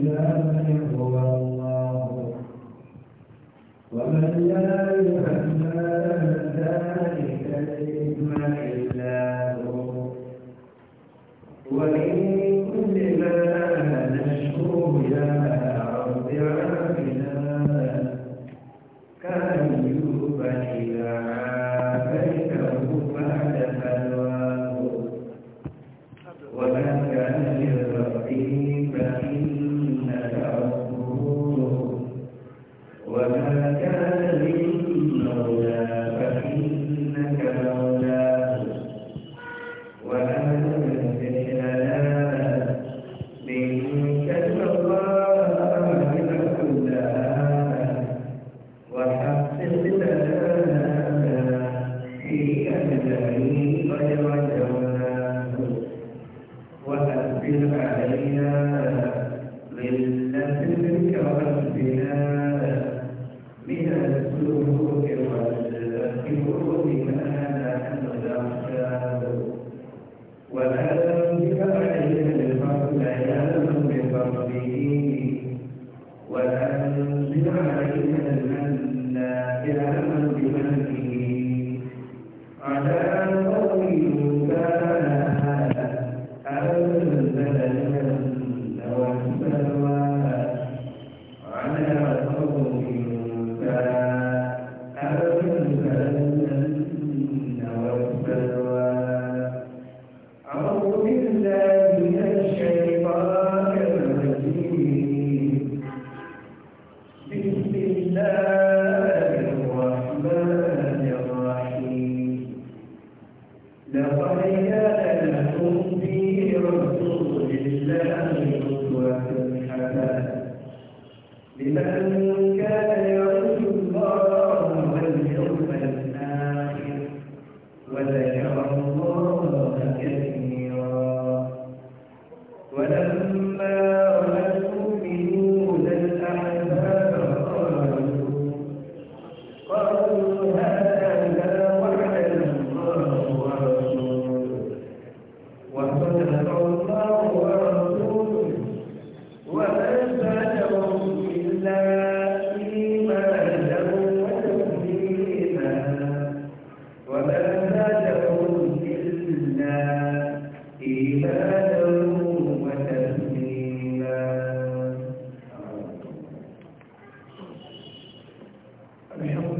إله هو الله ومن لا يحمل ذلك الإثم إلا هو وإن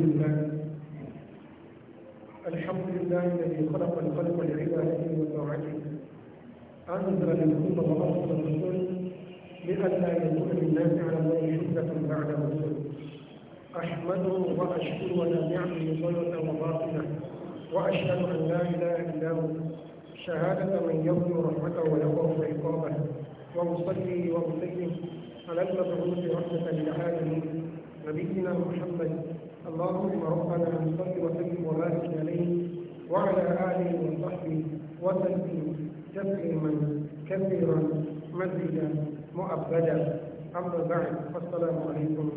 لله الحمد لله الذي خلق الخلق لعباده وطاعته أنزل الهدى وأرسل الرسل لئلا يكون للناس على الله حجة بعد الرسل أحمده وأشكر ولا نعمه ظاهرة وباطلا وأشهد أن لا إله إلا هو شهادة من يرجو رحمته ويخاف عقابه وأصلي وأسلم على المبعوث رحمة للعالمين نبينا محمد اللهم ربنا صل وسلم وبارك عليه وعلى آله وصحبه وسلم تسليما كثيرا مزيدا مؤبدا أما بعد فالسلام عليكم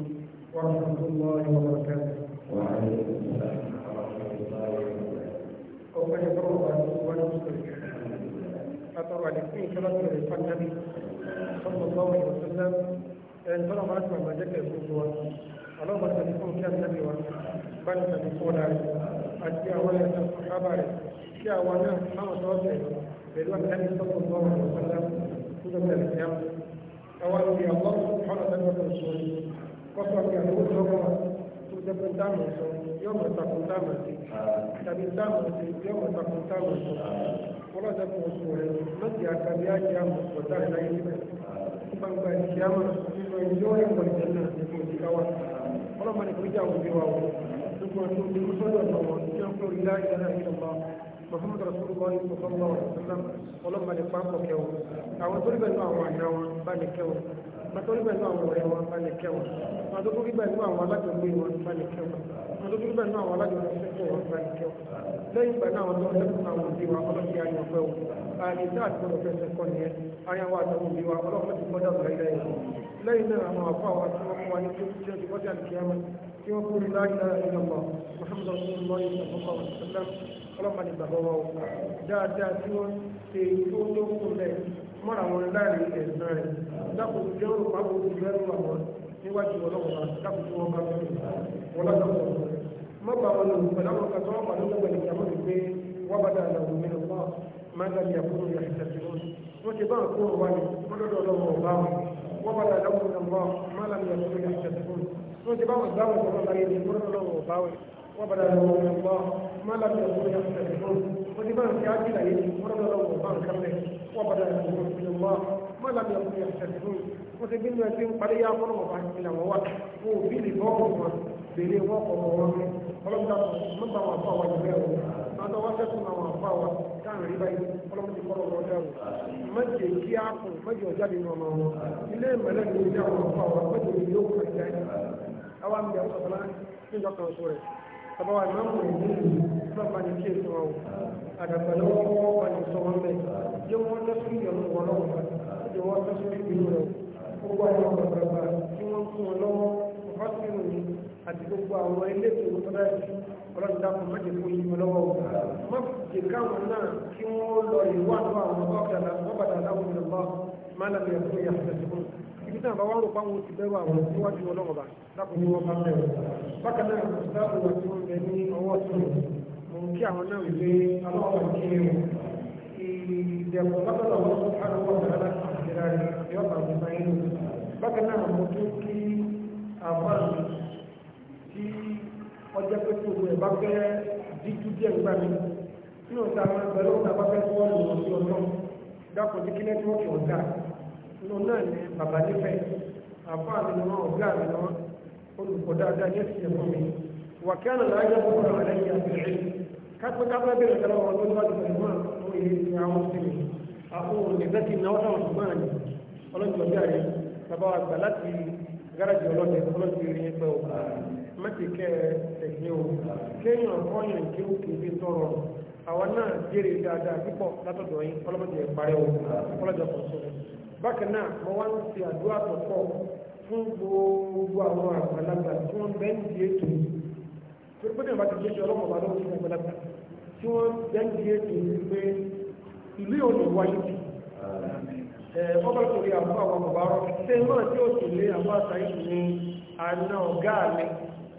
ورحمة الله وبركاته وعليكم السلام ورحمة الله وبركاته أولا يبرر ونسكر أطرع لكي ثلاثة رفع النبي صلى الله عليه وسلم أن ترى مرتبة ما في يقول ọlọ́mọ tẹ̀lé fún kí àtẹ́lẹ̀ wa bá ní tẹ̀lé fún ọ̀la rẹ̀ àti àwọn ẹ̀sẹ̀ sábà rẹ̀ kí àwọn náà máwọn tó ọ̀sẹ̀ pẹ̀lú àtẹ́lẹ̀ sọ́kù lọ́wọ́ ọ̀sọ́lá fún tẹ̀lé kí á àwọn ìwé àwọn ọ̀nà tẹ̀lé wọn sọ kọ́sọ̀ kí àlọ́wọ́ tó ọmọ tó jẹ́ pé dáàmù sọ yóò mọ̀ takùn dáàmù sí tàbí dáàmù sí yóò mọ̀ takùn dáàmù sọ ọlọ́dẹ kò sọ rẹ̀ lọ́sì àkàbí àjẹ́ àmọ̀ ọ̀dà ìlàyé níbẹ̀ nípa ìgbà ìṣẹ́ àmọ̀ nínú ẹjọ́ ẹ̀kọ́ ìjẹ́ náà nínú ìdíkáwà ọlọ́pàá nìkan jẹ́ àwọn òbí wa wọn gbogbo àti òbí mọ́sọ́lá ọ̀nà wọn tí wọ́n fẹ́ orílẹ̀ ayé náà yìí lọ́wọ́ Muhammad Rasulullah sallallahu alaihi wasallam ọlọ́pàá nípa ń kọ̀kẹ́ wọn àwọn tó níbẹ̀ náà àwọn àna wọn bá ní kẹ́ wọn màtọ́ níbẹ̀ náà àwọn ọ̀rẹ́ wọn bá ní kẹ́ wọn màtọ́ níbẹ̀ náà àwọn alájọgbé wọn bá ní kẹ́ wọn màtọ́ níbẹ̀ náà àwọn alájọgbé wọn bá ní kẹ́ lẹ́yìn ìgbà náà ọjọ́ ẹ̀kún àwọn òbí wa ọlọ́sí ayé ọ̀fẹ́ o ààrẹ tí àti ọ̀rọ̀ fẹsẹ̀ kọ́ ni ẹ ayáwó àtàwọn òbí wa ọlọ́pàá ti gbọ́dọ̀ ọ̀gá ilẹ̀ ẹ̀kọ́ lẹ́yìn náà àwọn àfọ àwọn tí wọ́n fún wa ní tí ó ti kọjá ní kíámà tí wọ́n kúrò láyé lára ilẹ̀ ọ̀pọ̀ Muhammad rasulullah sallallahu alaihi wasallam ọlọ́pàá ní bàbá wa o wọn má bàa wọn lò pẹ̀lú àwọn kan tó wà pàdé lọ́gbà ní ìyàmọ́ mi pé wọ́n bá dáa lọ́wọ́ mi lọ́wọ́ máa dá mi àkúrò yà ìjà sí wọn wọ́n ti bá àkúrò wá ní wọ́n lọ́dọ̀ lọ́wọ́ ọ̀bá wọn wọ́n bá dáa lọ́wọ́ lọ́wọ́ máa dá mi àkúrò yà ìjà sí wọn wọ́n ti bá wọn gbá wọn lọ́wọ́ láyé ní wọ́n lọ́dọ̀ lọ́wọ́ ọ̀bá wọn wọ́n bá dáa lọ́wọ́ lọ́wọ́ máa dá mi àkúrò yà ìjà sí wọn ti bá wọn ti láyé ní wọ́n lọ́dọ̀ lọ́wọ́ wọn kálẹ̀ wọ́n bá dáa lọ́wọ́ mi àkúrò yà ń parí yá fọ́nà ọ̀bá ìlànà wọn ò bí ọlọ́mọdé mọ́tò àwọn afọ àwọn ìbẹ̀rẹ̀ o mọ́tò wá sẹ́kùn àwọn afọ àwọn táwọn rí báyìí ọlọ́mọdé kọ́lọ́ wọn dẹ́rù mẹ́jẹ kí á kù mẹ́jọ jáde nù ọmọ wọn ilé ìmọ̀lẹ́ ni ìjà àwọn afọ àwọn mẹ́jọ ni yóò kàn jẹ́ àwọn àmì àwọn sọ̀tọ̀ láti níjọ kan sọ rẹ̀ bàbá wa ìmọ̀ àwọn ìlú náà bá ní kí èso wọn o àdàgbàlẹ̀ wọn àti gbogbo àwọn elétò ìfọ́dájú ọlọ́dàkùn má jẹ́ kó yí mi lọ́wọ́ má jẹ́ káwọn náà kí wọ́n lọ ìwádọ́ àwọn ọ̀kadà ọ̀kadà láwọn ìrọ̀lọ́ má nàbí ẹ̀kọ́ yà fẹ́sùn ibi náà bá wà rò páwọn ti bẹ́rù àwọn níwájú ọlọ́mọba lápò ní wọ́n bá bẹ̀rù bákan náà sáàbù wà tí wọ́n bẹ ní ọwọ́ tó mò ń kí àwọn náà wípé alọ́wọ́ kí ni ìdẹ̀kùn lọ́tọ̀lọ́ wọn tó ká lọ́wọ́ àwọn tí ọjọ́ pé tí ogun bá fẹ́ díjú díẹ̀ nígbà mi nínú ọ̀tá àwọn ẹgbẹ́ lọ́wọ́ bá fẹ́ kọ́ ọ̀nà ọ̀sẹ̀ ọ̀nà dákọ̀ sí kí nẹ́tíwọ́ọ̀kì ọ̀gá nínú náà bàbá ọ̀gá olùkọ́ dáadáa ní ẹ̀sìn mi wà kí àná ọ̀pọ̀ kápẹ́ kápẹ́ bẹ̀rẹ̀ wọn àwọn sí mi àwọn náà ní ọlọ́jọ́ bàbá láti ìrìn ẹgbẹ́ mẹ́tìkẹ́ ẹ̀gbẹ́ o kéèyàn kọ́yàn kí ó kéde tọrọ àwọn náà jèrè dáadáa púpọ̀ látọ̀dọ̀ yín ọlọ́mọdé parẹ́ o ọlọ́jọ́ kan sọ bákan náà mo wá ń ṣe àdúrà tó pọ̀ fún gbogbo àwọn àgbàlagbà tí wọ́n bẹ́ẹ̀ ń di ètò yìí torí pé ní ìbá ti jẹ́ ọlọ́mọba lọ́wọ́ sí àgbàlagbà tí wọ́n bẹ́ẹ̀ ń di ètò yìí pé ìlú yóò lè wáyé jù ọgbọ́n torí àwọn àwọn ọmọ rọ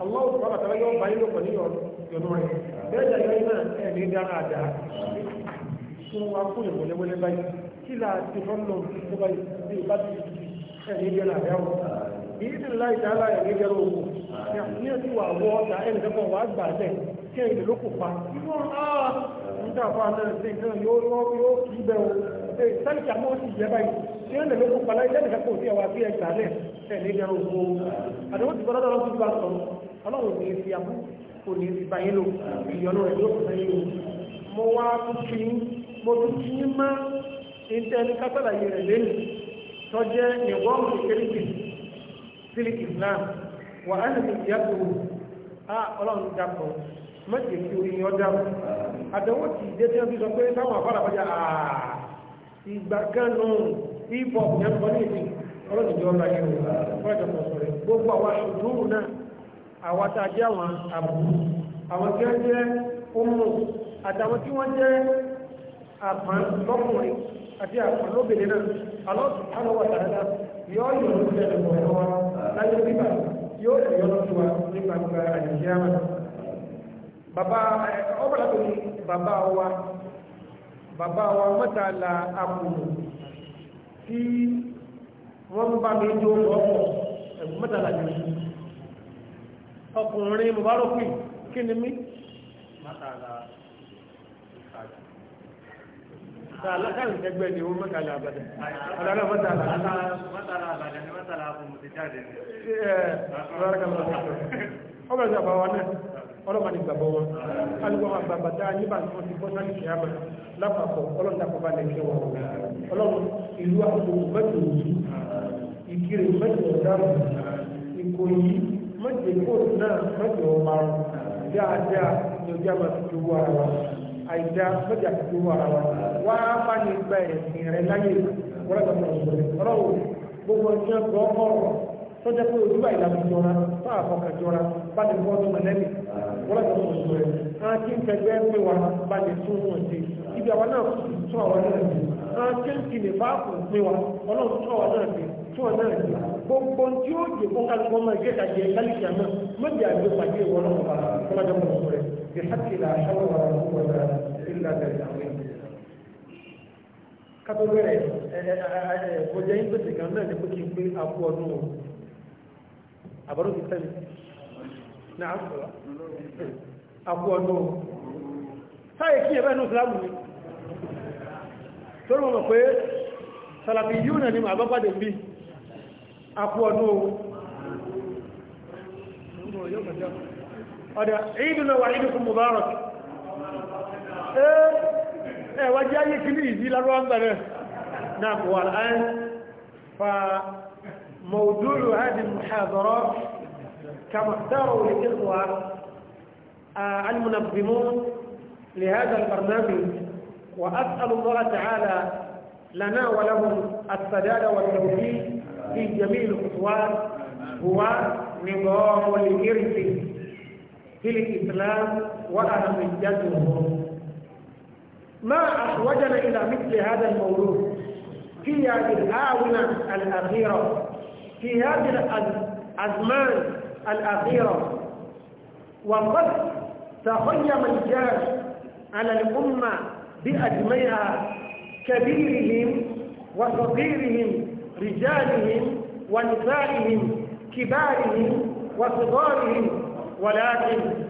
Allah subhanahu wa ta'ala yóò bá yín lọ́pọ̀ ní yọnu rẹ̀ bẹ́ẹ̀ jà yọ iná ẹ̀ ní dára àdá tí wọ́n wá kúrò wọléwọlé báyìí kí là ti fọ́n lọ tó bá yìí bá ti ẹ̀ ní dára àdá wọn. Ìyí ti láì dára ẹ̀ ní dára owó. Ní àti wà wọ́ ọ̀tà ẹnì títà fún àná ṣe náà yóò yóò kí bẹ o ṣe sẹ́ni kí a mọ̀ sí ìjẹ́ báyìí tí ó ń lè kópa láyé lẹ́nu kẹ́kọ̀ọ́ sí ẹwà sí ẹgbà lẹ̀ tẹ̀lé ní ọ̀rọ̀ ògbó àdéhùn ti gbọ́dọ̀ lọ́wọ́ tó bá sọ ọlọ́run ní fi àmú kò ní fi báyé lò ìyọnu rẹ̀ yóò fẹ́ yóò mo wá tún kí mo tún kí àdánwò tí ìdé tí wọ́n fi sọ pé táwọn àfárabájá ìgbà kan nù ìbọ̀ yẹn kọ́ ní ìsìn ọlọ́dún jọ ọ̀la yẹn wọ́n jọ pọ̀ sọ̀rọ̀ gbogbo àwọn aṣòdúrù náà àwọn tá a jẹ́ àwọn àbúrú àwọn tí wọ́n jẹ́ ọmọ àtàwọn tí wọ́n jẹ́ àpán lọ́kùnrin àti àpán lóbìnrin náà alọ́sùn alọ́wọ́ tààdá yóò yọ̀ ló jẹ́ ẹ̀kọ́ wa láyé bíbà yóò sì yọ̀ lọ́sùn wa nípa gbogbo àyẹ̀kẹ́ àwọn bàbá ọ̀pọ̀lọpọ̀ bàbá wa bàbá wa mọ́tàlá àkùnù tí wọ́n ń bá mi jó lọ́pọ̀ ẹ̀bùn mọ́tàlá jù ọkùnrin mọ̀bárọ̀kì kí ni mí mọ́tàlá Àlákàrí ẹgbẹ́ ni ó mọ́tàlá àbàdàn. Àlára mọ́tàlá. Mọ́tàlá àbàdàn ni mọ́tàlá àbùmù ti jáde. Ṣé ẹ̀ ọlọ́mọdé gbàgbọ́ wọn alùpùpù àwọn àgbàgbà dáa nígbà tí wọ́n ti bọ́ sáré kìí àmà lápapọ̀ ọlọ́dà kọba lẹ́kẹ́ wọn ọlọ́run ìlú àpò mẹ́jọ yìí ìkiri mẹ́jọ dáhùn ìkò yìí mẹ́jọ kóòtù náà mẹ́jọ ọparun dáadáa ní ojú àmà fi jowó ara wa àìdá mẹ́jọ àti jowó ara wa wá bá ní gba ẹ̀sìn rẹ láyé ọlọ́run gbogbo ọjọ́ gbọ́ ọ̀rọ̀ tọ́jà pé ojú àìlàmùjọra fáà wọ́n ti mú sọ ẹ̀ àwọn tí ń tẹ̀gbẹ́ pé wà bá lè tún wọn sí ibi àwọn náà kù tún àwọn náà sí àwọn tí ń tilẹ̀ bá kù pé wà ọlọ́run tún àwọn náà sí tún àwọn náà sí gbogbo tí ó dè fún kálukú ọmọ ìgbé kàjẹ kálíkì àná méjì àjọ pàdé ìwọ náà wà kọ́mọdé mọ̀ sọ rẹ̀ bí hákìlà aṣáwọ̀ wà lọ́wọ́ wà sílá bẹ̀rẹ̀ àwọn kátó bẹ̀rẹ̀ ọjà yín pèsè kan náà ní pé kí n náà àpò ọdún táyé kí ẹ̀bẹ́ ní ìsìlámù ni tó rọ̀ mọ̀ pé sàlàbí yíò náà ni màbá pàdé bí àpò ọdún ọ̀dá ìdùnà wà ìdùkùn mubarak ẹwà jẹ́ ayé kìí ìdí lárọ́ náà wà كما اختاروا الإخوة آه، المنظمون لهذا البرنامج وأسأل الله تعالى لنا ولهم السداد والتوفيق في جميع الخطوات هو نظام الإرث في الإسلام وأهميته ما أحوجنا إلى مثل هذا الموضوع في هذه الآونة الأخيرة في هذه الأزمان الأخيرة وقد تخيم الجاش على الأمة بأجمعها كبيرهم وصغيرهم رجالهم ونسائهم كبارهم وصغارهم ولكن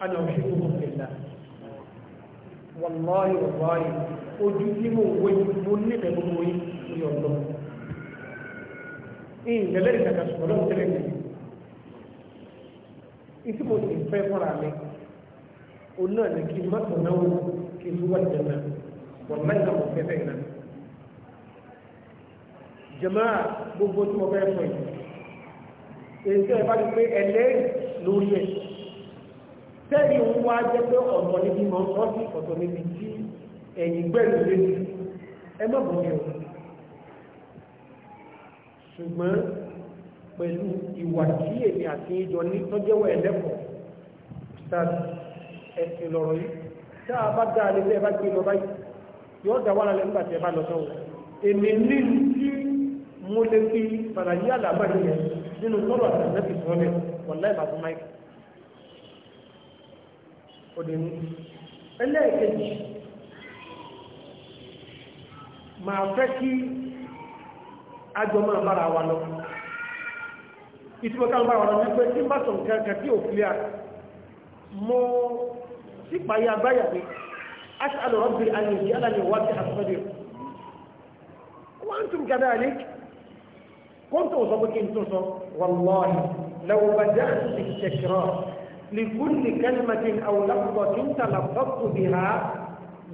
ana òṣèlú ìlà wàláyé wàláyé ojú tí mo wé mo nífẹ̀ẹ́ gbogbo yìí ní ọ̀dọ́ ìyìnlẹ̀ ìdàgbà ṣùgbọ́n tẹ́lẹ̀ mi ìtí mo sì fẹ́ fọ́ra mi òun náà ní kí n gbogbo tí mo fẹ́ sọ yìí èyí tẹ́ pé ẹlẹ́rìí lórí ẹ̀ sẹ́yìn ń wá jẹ́ pé ọ̀nà níbi mọ̀ ń sọ́ọ́sì ọ̀tọ̀ níbi tí ẹ̀yìn gbẹ̀rù lébi ẹ má bọ̀ ní o ṣùgbọ́n pẹ̀lú ìwà tí èmi àti ìjọ ní tọ́jẹ́wọ̀ ẹ̀lẹ́kọ̀ọ́ sáàdì ẹ̀sìn lọ́rọ̀ yìí tá a bá dá a lè lẹ́ẹ̀ bá gbé lọ báyìí yóò dá wàhálà lẹ́nu gbàtẹ́ bá lọ sọ́wọ́ èmi ní tí mo lè fi fàlàyé àlàbà nìyẹn nínú tọ́lọ̀ àtàlẹ́fì sọ́ọ́lẹ̀ òdìní ẹlẹ́ẹ̀kejì máa fẹ́ kí ajọ máa bára wa lọ ìtìmọ̀ká bára wa lọ wípé tí bá sọ nǹkan kan tí ò clear mọ́ sí pàyà báyà pé أسأل ربي أن يجعلني واسع الصدر وأنتم والله لو بدأت بالتكرار لكل كلمة أو لفظة تلفظت بها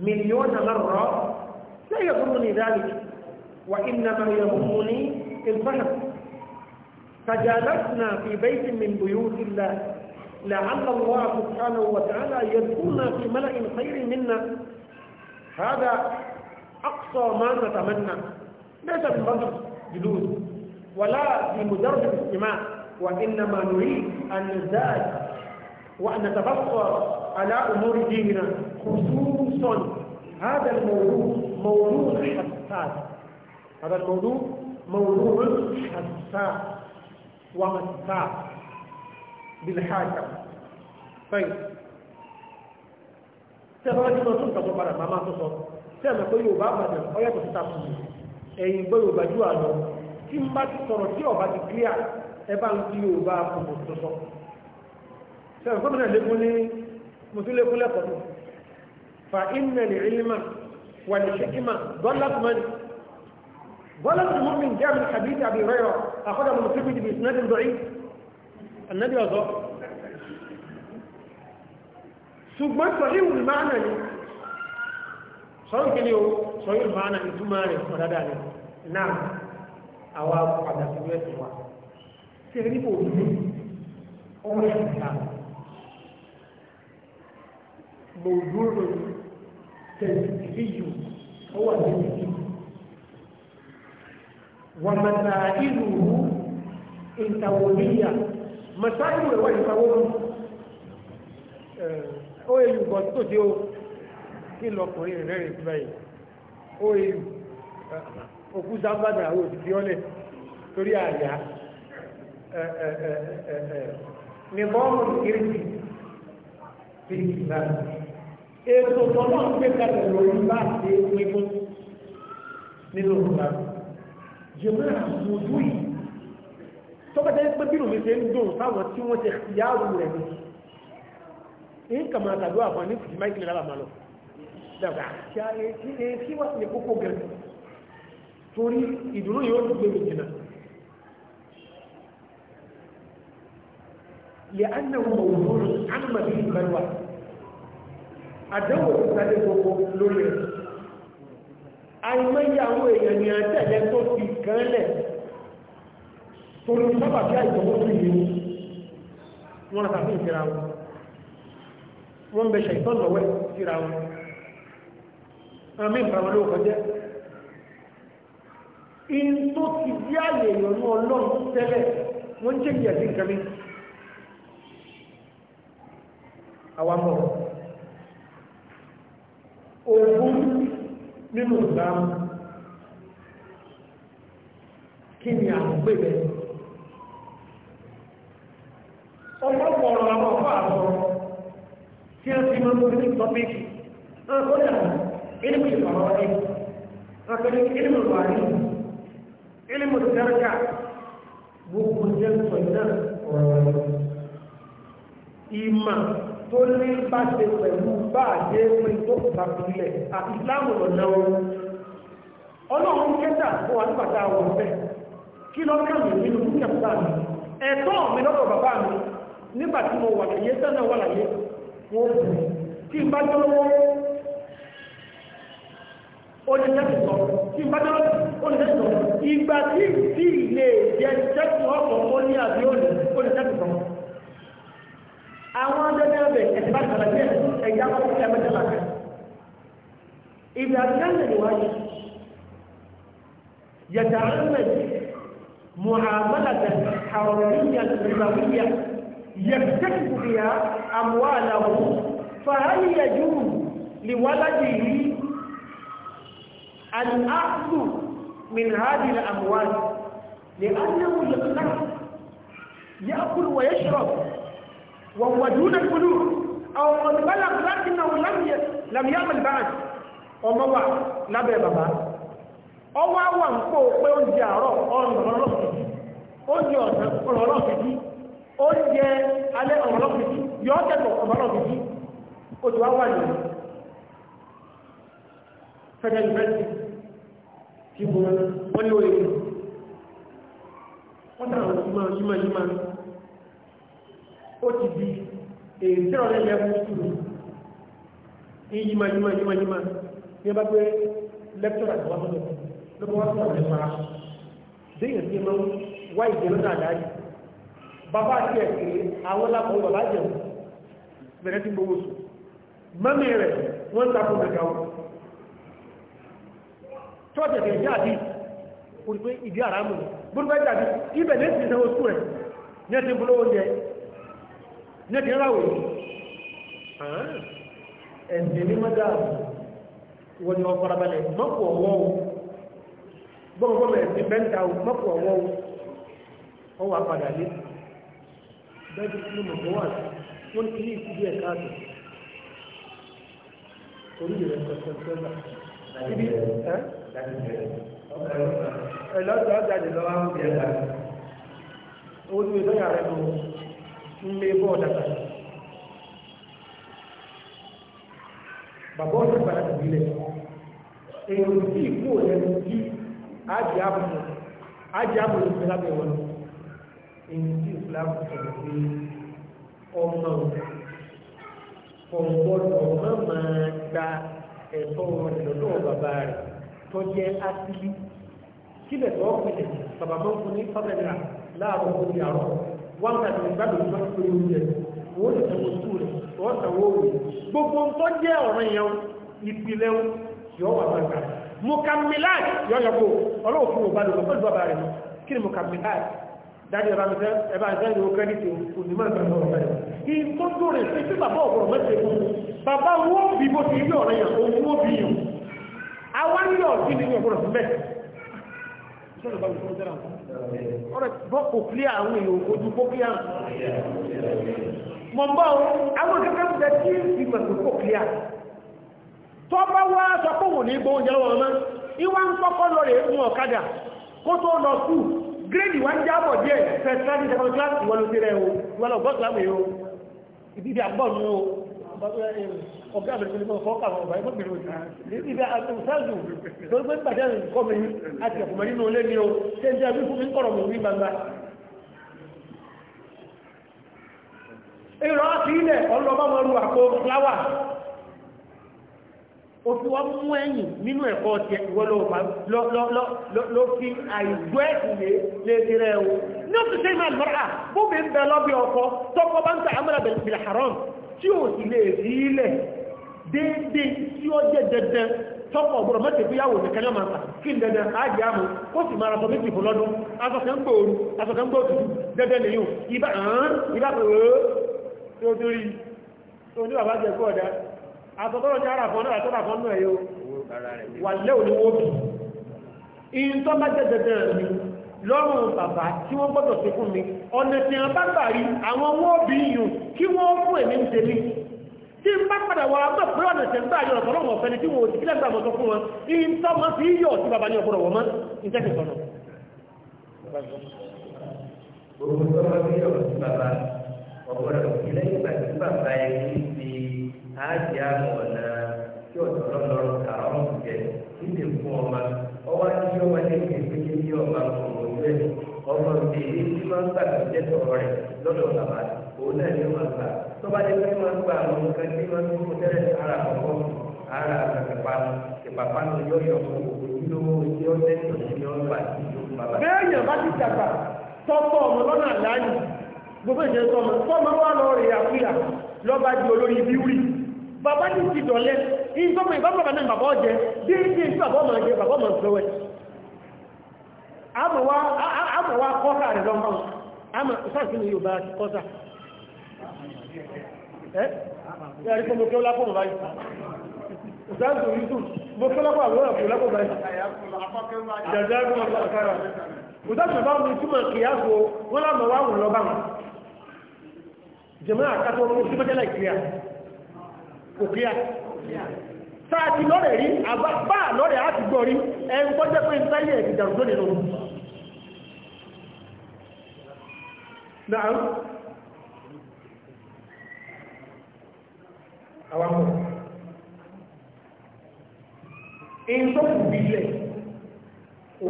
مليون مرة لا يضرني ذلك وإنما يهمني الفهم فجالسنا في بيت من بيوت الله لعل الله سبحانه وتعالى يذكرنا في ملأ خير منا هذا أقصى ما نتمنى ليس بمجرد جلوس ولا بمجرد استماع وإنما نريد أن نزداد وأن نتبصر على أمور ديننا خصوصا هذا الموضوع موضوع حساس هذا الموضوع موضوع حساس ومساس بالحاجة طيب tẹ́lọ́wọ́ tí wọ́n tún tàbí padà máa tó sọ tí ẹ̀mẹ̀ pé yóò bá bàjẹ̀ ọyẹ́tọ̀ títà fún mi ẹ̀yìn gbé yóò gbàjú àlọ́ tí ń bá ti sọ̀rọ̀ tí ọba ti clear ẹ bá ń fi yóò bá kòkòrò tó sọ sẹ́wọ̀n gómìnà lékún ní mùsùlùmí lẹ́kọ̀ọ́ fa inna lè ilma wà lè ṣekima gọ́látùmọ́ni gọ́látùmọ́ min jẹ́ min hadith abi rẹ́rọ àkọ́dà mọ̀ síbi jìbì sinadin dọ̀rí annabi ọ̀zọ́ ṣùgbọ́n sọ̀rí wù máa nà ní sọ̀rí kí ni o sọ̀rí máa nà ní rẹ̀ ọ̀dádà rẹ̀ náà àwa padà sí wẹ́ẹ̀sì wa ẹni kò ní ọmọ ìṣẹ̀lẹ̀ موضوع تذكري هو تذكري ومسائله انتولية مسائله هو انتولية ó yẹ yùgbọ́ tó tí ó kí lọkùnrin rẹ̀ rẹ̀ ti báyìí ó yẹ òkú sábàdà àwọn òtítí ọlẹ̀ torí àyà nìbọn ètò tọ́lá ń gbé kalẹ̀ lórí bá ṣe é pé fún nínú ìgbà jẹ́mọ́ àmójú yìí tọ́kọ̀tẹ́ pé bí lòmí ṣe ń dùn sáwọn tí wọ́n ti yáàrù rẹ̀ ní ń kàmà tàbí àwọn ní fìdí máìkì lára màlọ́ dàgbà kí wá ní kókó gẹ̀rẹ̀ torí ìdúró yóò tó gbé jìnà lẹ́ánà àdánwò ti sáré gbogbo lórí rẹ̀ àìmọye àwọn èèyàn ni àtẹ̀lẹ́ tó fi kan lẹ̀ torí sábà bí àìsànwó sí ìlú wọn àtàfin ìsira wọn wọn bẹ ṣe ìtọ́lọ̀wẹ́ síra wọn àmì ìfàwọn olóòkọ jẹ́ in tó ti bí ààyè ìrọ̀nú ọlọ́run tẹ́lẹ̀ wọ́n jẹ́ ìyàtí nǹkan mi àwọn mọ̀rọ̀ ogún nínú ìdáhùn kí ni àwọn gbèbẹ ọ̀pọ̀lọpọ̀ ọ̀rọ̀ àwọn ọ̀pọ̀ àtọ̀ tí a fi máa ń gbé ní tọ́píkì akọ́dà ilmu ìfọ̀rọ̀wọ́dé akọ́dà ilmu ìwàrí ilmu ìdárga gbogbo jẹ́ sọ̀dá ọ̀rọ̀ ìmà tó ní bá ṣe pẹ̀lú bá àdé pín tó kùtà sílẹ̀ àti ìsìláàmù lọ́nà ohun ọlọ́run kẹta fún wa nígbàtà àwọn ọ̀fẹ́ kí lọ kàmì nínú dúkìá bàbá mi ẹ̀tọ́ mi lọ́dọ̀ bàbá mi nígbàtí mo wà láyé sẹ́nà wà láyé wọ́n fún mi kí n bá jọ́lọ́wọ́ oníṣẹ́sọ̀ tí bá dáwọn oníṣẹ́sọ̀ ìgbà tí ìdí ilé jẹ́ jẹ́ ọkọ̀ mọ́ ní àbí òní oníṣẹ́sọ̀ àwọn dandan bẹ ẹ̀sìn bá tàbí ẹ̀ ẹ̀yà wọn kí ẹ̀mẹ́ta là kẹ́ ìgbà àbíkánlẹ̀ ni wáyé yàtà ahmed muhammadan haramiyan ribawiya yẹtẹkù bìyà amúhàlàwò fàhálì yẹjú liwálàjì الأخذ من هذه الأموال لأنه يقنع يأكل ويشرب وهو دون البلوغ أو قد بلغ لكنه لم لم يعمل بعد ọmọ wa lábẹ́ bàbá ọwọ́ àwọn nǹkó pé oúnjẹ àárọ̀ ọ̀rọ̀lọ́fìdí oúnjẹ ọ̀sán ọ̀rọ̀lọ́fìdí oúnjẹ alẹ́ ọ̀rọ̀lọ́fìdí yọ ọ́tẹ̀tọ̀ ọ̀rọ̀lọ́fìdí oṣù wa wà nìyẹn federal university ti bọ̀ wọn ní oye wọn náà yíma yíma yíma ó ti di èdèrọ̀lẹ́ lẹ́fún sùúrù ìyíma yíma yíma yíma ní ẹ bá gbé lẹ́kítọ́rà tó wá tó lẹ́kọ́ lọ́kọ́ wá sọ̀rọ̀ nípa déyìn sí máa ń wá ìdènà náà dáyé bàbá àti ẹ̀kẹ́ àwọn lápò bàbá jẹun bẹ̀rẹ̀ tí gbogbo sùn mọ́mí rẹ̀ wọ́n tapò mẹ́ga wọn tọ́ọ̀tẹ̀ tẹ̀ ìdí àdí orí pé ìdí àrámù gbogbo ẹ̀dí àdí ibẹ̀ lẹ́sìn ìsanwó sùn rẹ̀ ní ẹ̀ ní ẹ̀kẹ́ ráwẹ̀ ah. ẹ̀sìn ní mọ́dá wọ́n ni wọ́n farabalẹ̀ mọ́pọ̀ ọwọ́ gbọ́gbọ́mọ̀ ẹ̀sìn bẹ́ńtà mọ́pọ̀ ọwọ́ ọ wà padà lé dájú sí mọ̀gbọ́ wà wọ́n ti ní ìkúdí ẹ̀ka àtọ̀ orí rẹ̀ sọ̀tẹ̀sọ̀tẹ̀sọ̀ ibi ẹ̀ ẹ̀ lọ́sọ̀ọ́ jáde lọ́wọ́ rẹ̀ lọ́wọ́ ńlé bọ́ dàgbà bàbá ọ̀sẹ̀ padà sí ilẹ̀ èèyàn tí ìkú òlẹ́nu tí ájì àbùkù ájì àbùkù ti lábẹ́ wọn èèyàn tí ìsìlámù sọ̀rọ̀ pé ọmọ ọ̀gbọ́dọ̀ má máa gba ẹ̀tọ́ wọn lọ́dọ̀ bàbá rẹ̀ tó jẹ́ ásílí kílẹ̀ tó ọ̀pìnlẹ̀ bàbá mọ́kùnrin fábẹ́rẹ́ láàárọ̀ orí àárọ̀ wọ́n kà ní ìgbàgbọ́ tó ń pè oúnjẹ wọ́n lè tẹ̀wọ́ tú rẹ̀ wọ́n tẹ̀wọ́ òwe gbogbo ń tọ́ jẹ́ ọ̀rọ̀ yẹn ìpìlẹ̀ yọ wà máa gbà mukamilat yọ yọgbó ọlọ́wọ́ fún òbá lọ pẹ̀lú bàbá rẹ̀ kí ni mukamilat dájú ẹ̀bá mi sẹ́ ẹ̀bá mi sẹ́ ìwọ kẹ́rìtì onímọ̀ ìgbà lọ́wọ́ rẹ̀ ìtọ́jú rẹ̀ sí sí bàbá ọ̀gọ̀rọ̀ mẹ́sẹ̀ fún bàbá wọ́n bí bó ti rí ọ̀rẹ́ yẹn òun wọ́n bí yẹn àwọn yọ̀ sí ni ọ̀rẹ́ bọ́ kò kí àwọn èèyàn ojú kó kí àwọn mọ̀ bọ́ àwọn kẹ́kẹ́ ń bẹ tí ìgbà tó kò kí à tó bá wá sọ pé wò ní gbóhùn jẹ́ wọn mọ́ ìwà ń kọ́kọ́ lọ rẹ̀ mú ọ̀kadà kó tó lọ kú gírèdì wá ń jábọ̀ díẹ̀ fẹ̀sán ní sẹ́kọ̀ọ́ ọ̀gá àbẹ̀rẹ̀ pẹ̀lú fọ́ọ̀kà àwọn ọ̀bá ẹgbẹ́ gbèrò ìgbà àtúnṣáàzù lórí pé pàdé àrùn kọ́ mi àti ẹ̀kùnmọ̀ nínú olé ni o ṣe ń jẹ́ abí fún mi kọ̀rọ̀ mọ̀ wí gbangba. ìrọ̀ àti ilẹ̀ ọlọ́ bá wọn ru àpò fúláwà ó fi wá mú ẹ̀yìn nínú ẹ̀kọ́ tiẹ̀ ìwọ ló fi àìgbọ́ ẹ̀sìn lé lé rẹ̀ o ní o ti ṣe máa lọ́ra bó mi ń bẹ lọ́bí ọkọ tọ́kọ bá ń ta àmàlà bẹ̀rẹ̀ haram tí ò sì lè rí ilẹ̀ déédéé tí ó jẹ́ dandan tọ́pọ̀ ọ̀gbọ̀rọ̀ mọ́tẹ̀ bí yàwó nìkan kí n dandan ágì àmọ́ ó sì máa rọ̀tọ̀ méjì fún lọ́dún asọ̀kẹ́ ń gbòòrù lọ́rùn bàbá tí wọ́n gbọ́dọ̀ sí fún mi ọ̀nà tí wọ́n bá gbà rí àwọn wọ́n bí yùn kí wọ́n fún èmi ń tèmi tí n bá padà wà mọ̀ pé ọ̀nà tẹ̀ ń bá yọ̀ ọ̀tọ̀ lọ́wọ́ ọ̀fẹ́ni tí wọ́n ti kílẹ̀ gbàmọ̀ sọ fún wọn ìyí ń tọ́mọ sí yọ̀ tí bàbá ní ọ̀pọ̀lọpọ̀ mọ́ ń tẹ́sí sọ̀nà. gbogbo tọ́mọ sí yọ̀ sí bàbá ọ̀pọ̀lọpọ̀ sí lẹ́yìn ìgbà tí bẹ́ẹ̀ ọmọ èyí tí máa ń gbà tó jẹ́ sọ̀rọ̀ rẹ̀ lọ́dọ̀ bàbá òun náà ni máa gbà tó bá dé pé máa gbà àwọn nǹkan tí máa ń kó tẹ́lẹ̀ ara àkọ́kọ́ ara àkàkàpá ìpàpá náà yọ yọ fún ojúlówó tí ó tẹ́ tó ti yọ gbà tí ó bàbá. béèyàn bá ti dàgbà tọ́pọ̀ ọmọ lọ́nà láàyè gbogbo ìṣẹ́ sọmọ sọmọ wà lọ rè àkúyà lọ́ba di olórí ibi wúri bàbá ti ti dọ̀lẹ́ ìgbọ́mọ ìbámu bàbá náà bàbá ọ̀jẹ́ bí ìgbà bàbá ọmọ ọ̀jẹ́ bàbá ọmọ ọ̀sọ́wẹ́ àmọ̀ wá rẹ̀ lọ́mọ́ àmọ̀ ìsáàkì ni yóò bá ti kọ́sà ẹ́ ẹ̀rí fún mọ́kí ọlápọ̀ mọ̀ báyìí ìsáàkì orí tún mọ́kí ọlápọ̀ àwọn ọ̀pọ̀ ọlápọ̀ báyìí jẹ́jẹ́rún ọ̀pọ̀ àkàrà ìsáàkì bá mi túmọ̀ kìyàfó wọ́n lámọ̀ wá wùn lọ́bà jẹ́mọ́ àkàtọ̀ sáàtì lọ́rẹ̀ rí àbá lọ́rẹ̀ àti gbọ́ rí ẹn kọ́ pé ìtàlẹ̀ ìdàrú tó nìlò náà àwàmọ̀ in tó bílẹ̀ ni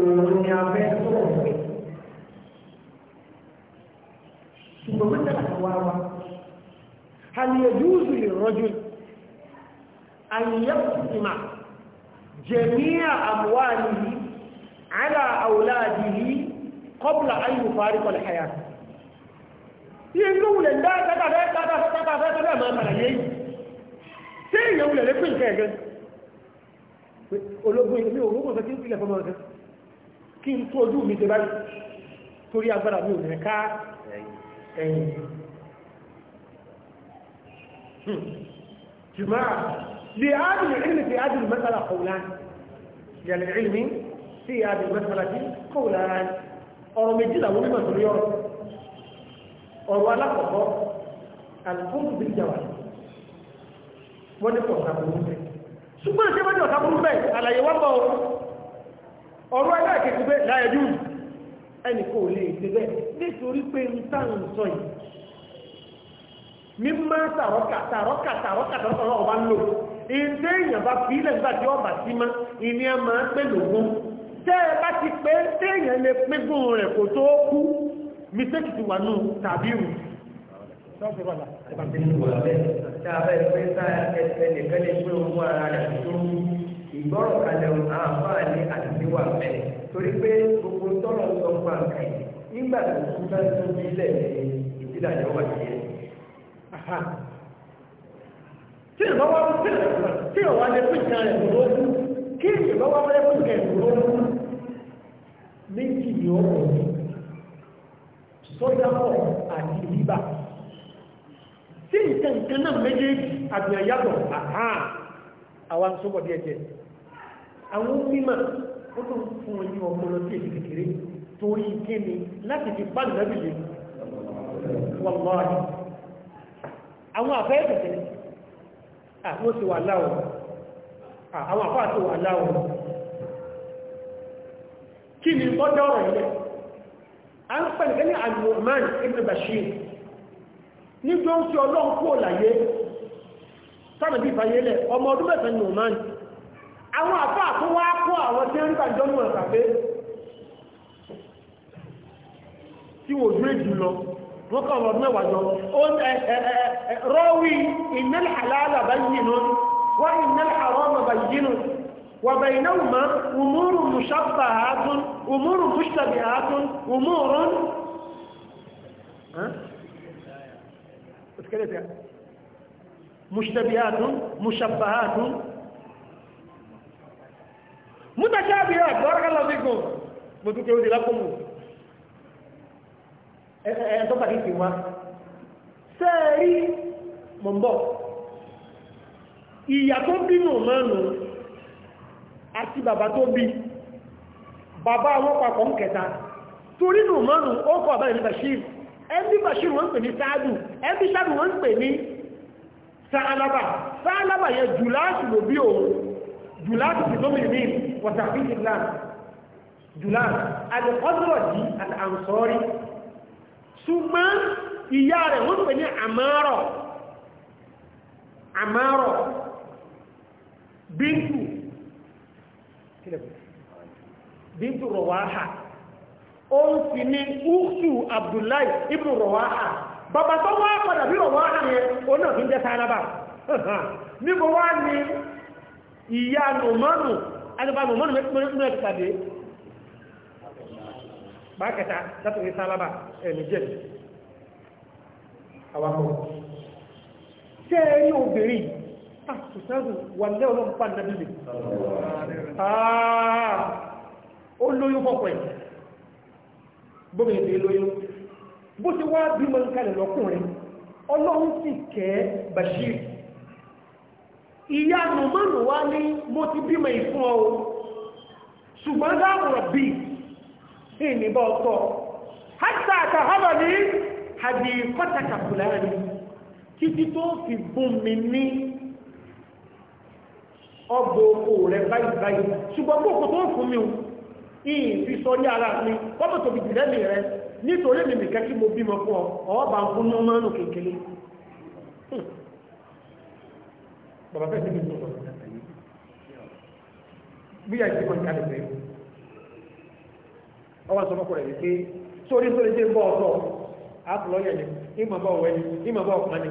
ṣùgbọ́n أن يقسم جميع أمواله على أولاده قبل أن يفارق الحياة yíyíwò lè dá tátàtà fẹ́tọ́lẹ̀ máa tàràyé yìí tí ìyẹ̀wò lè lépín kẹ́ẹ̀gẹ́ ológun ilé òwúkùn fẹ́ kí ìpìlẹ̀ fọ́mọ̀ ọ̀gẹ́ kí n tó ojú mi ti báyìí torí agbára mi ò rẹ̀ ká ẹ̀yìn لأهل العلم في هذه المسألة قولان للعلم في هذه المسألة قولان ọ̀rọ̀ méjì làwọn onímọ̀ tó yọrọ̀ ọ̀rọ̀ alákọ̀ọ́kọ́ alùpùpù bí ìjà wà wọ́n ní kọ̀ ọ̀tàbùrú bẹ̀ ṣùgbọ́n ìṣẹ́ bá ní ọ̀tàbùrú bẹ̀ àlàyé wọ́n bọ̀ ọ̀rọ̀ alákẹ̀ẹ́kẹ́ bẹ̀ láyẹ̀jú ẹnì kò lè ṣe bẹ́ẹ̀ nítorí pé ń tà ń sọ yìí mímọ́ tàrọ́kà tàrọ́kà tàrọ́kà tàrọ́kà ọba ń lò ìdé èèyàn bá fi ilẹ̀ nígbà ọba sí mọ́ ìní ẹ máa ń lògún tẹ́ ẹ bá ti pé téèyàn lè pégún rẹ̀ kò tó kú mistake ti wà nù tàbí rù tí ìbá wá fún tí ìwà lè fún ìkan rẹ̀ ló kú kí ìbá wá fẹ́ fún ìkan rẹ̀ ló kú méjì ni ó kù ní sọ́dápọ̀ àti bíbà tí nǹkan kan náà méjèèjì àgbìyàn yàtọ̀ àhán àwọn sọ́bọ̀ bí ẹ̀jẹ̀ àwọn mímọ̀ ó tó fún ẹni ọpọlọ tí èdè kékeré torí kéni láti fi pàdánù lẹ́bìlì wọ́n lọ́ọ̀rì àwọn àfẹ́ ìtẹ̀tẹ̀ àwọn ti wà láwọ̀ àwọn àpá àti wà láwọ̀ kí ni ọjọ́ ọ̀rọ̀ ilẹ̀ a ń pẹ̀lú kẹ́ ní al-Nu'man ibn Bashir ní jọ ń tí ọlọ́run kú òlàyé sáàbí ìfàyẹ́lẹ̀ ọmọ ọdún mẹ́ta Nu'man àwọn àpá àti wá kọ́ àwọn tí ó ń gbàjọ́ mọ̀ kàfẹ́ tí wò dúró jù lọ wọ́n kọ̀ قلت راوي ان الحلال بين وان الحرام بين وبينهما أمور مشبهات أمور مشتبهات أمور مشتبهات مشبهات متشابهات بارك الله فيكم بدو لكم ẹ̀ẹ́n tó pàdé ìfìwá sẹ́ẹ̀rí mọ̀mọ́ ìyà tó bínú mọ́nu àti bàbá tó bí bàbá wọn papọ̀ ń kẹta torí nù mọ́nu ó kọ̀ bá ìrìn bashir ẹbí bashir wọ́n ń pè ní sáàdù ẹbí sáàdù wọ́n ń pè ní sáàlábà sáàlábà yẹ jùláàtù ló bí òun jùláàtù ti tómi ní wàtàkì islam jùláàtù alẹ́kọ́dọ̀dì àti àǹsọ́rí ṣùgbọ́n ìyá rẹ̀ wọ́n pè ní àmárọ̀ àmárọ̀ bíntù bíntù rọ̀wáhà ó ń sì ní abdullahi ibn rọ̀wáhà bàbá tó wá padà bí rọ̀wáhà ni ó náà fi ń jẹ́ sáárábà níbo wá ní ìyá nùmọ́nù alìbá pàákẹta látòrí sálábà ẹ̀mí jẹ́ àwàkọ̀ tẹ́ ẹ ní obìnrin àtùsáàdù wà ní ọlọ́pàá nàbílì ó lóyún fọ́pọ̀ ẹ̀ bóbi ìdè lóyún bó ti wá bímọ nkalẹ̀ lọ́kùnrin ọlọ́run sì kẹ́ bashir ìyá nùmánù wá ní mo ti bímọ ìfún ọ ṣùgbọ́n dáàbò bíi ìnìbọ̀ ọ̀tọ̀ hátà àtàhábọ̀ ní àbí kọ́tàkà fúlàní títí tó fi gún mi ní ọgbọ̀ oko rẹ̀ báyìí báyìí ṣùgbọ́n bó kò tó ń fún mi o ìfi sọ ní ara mi bọ́bọ̀ tó fi jìlẹ́ mi rẹ nítorí mi nìkan kí mo bímọ fún ọ ọba ń fún ní ọmọ nù kékeré bàbá fẹ́ sí mi tó sọ bí i àti ìkàlẹ̀ ọwọ́n sọ mọ́kọ̀ rẹ̀ wípé sórí tó lè jẹ́ bọ́ ọ̀tọ̀ àpùlọ́yẹ̀ ni ìmọ̀ bọ́ ọ̀wẹ́ ni ìmọ̀ bọ́ ọ̀pá ni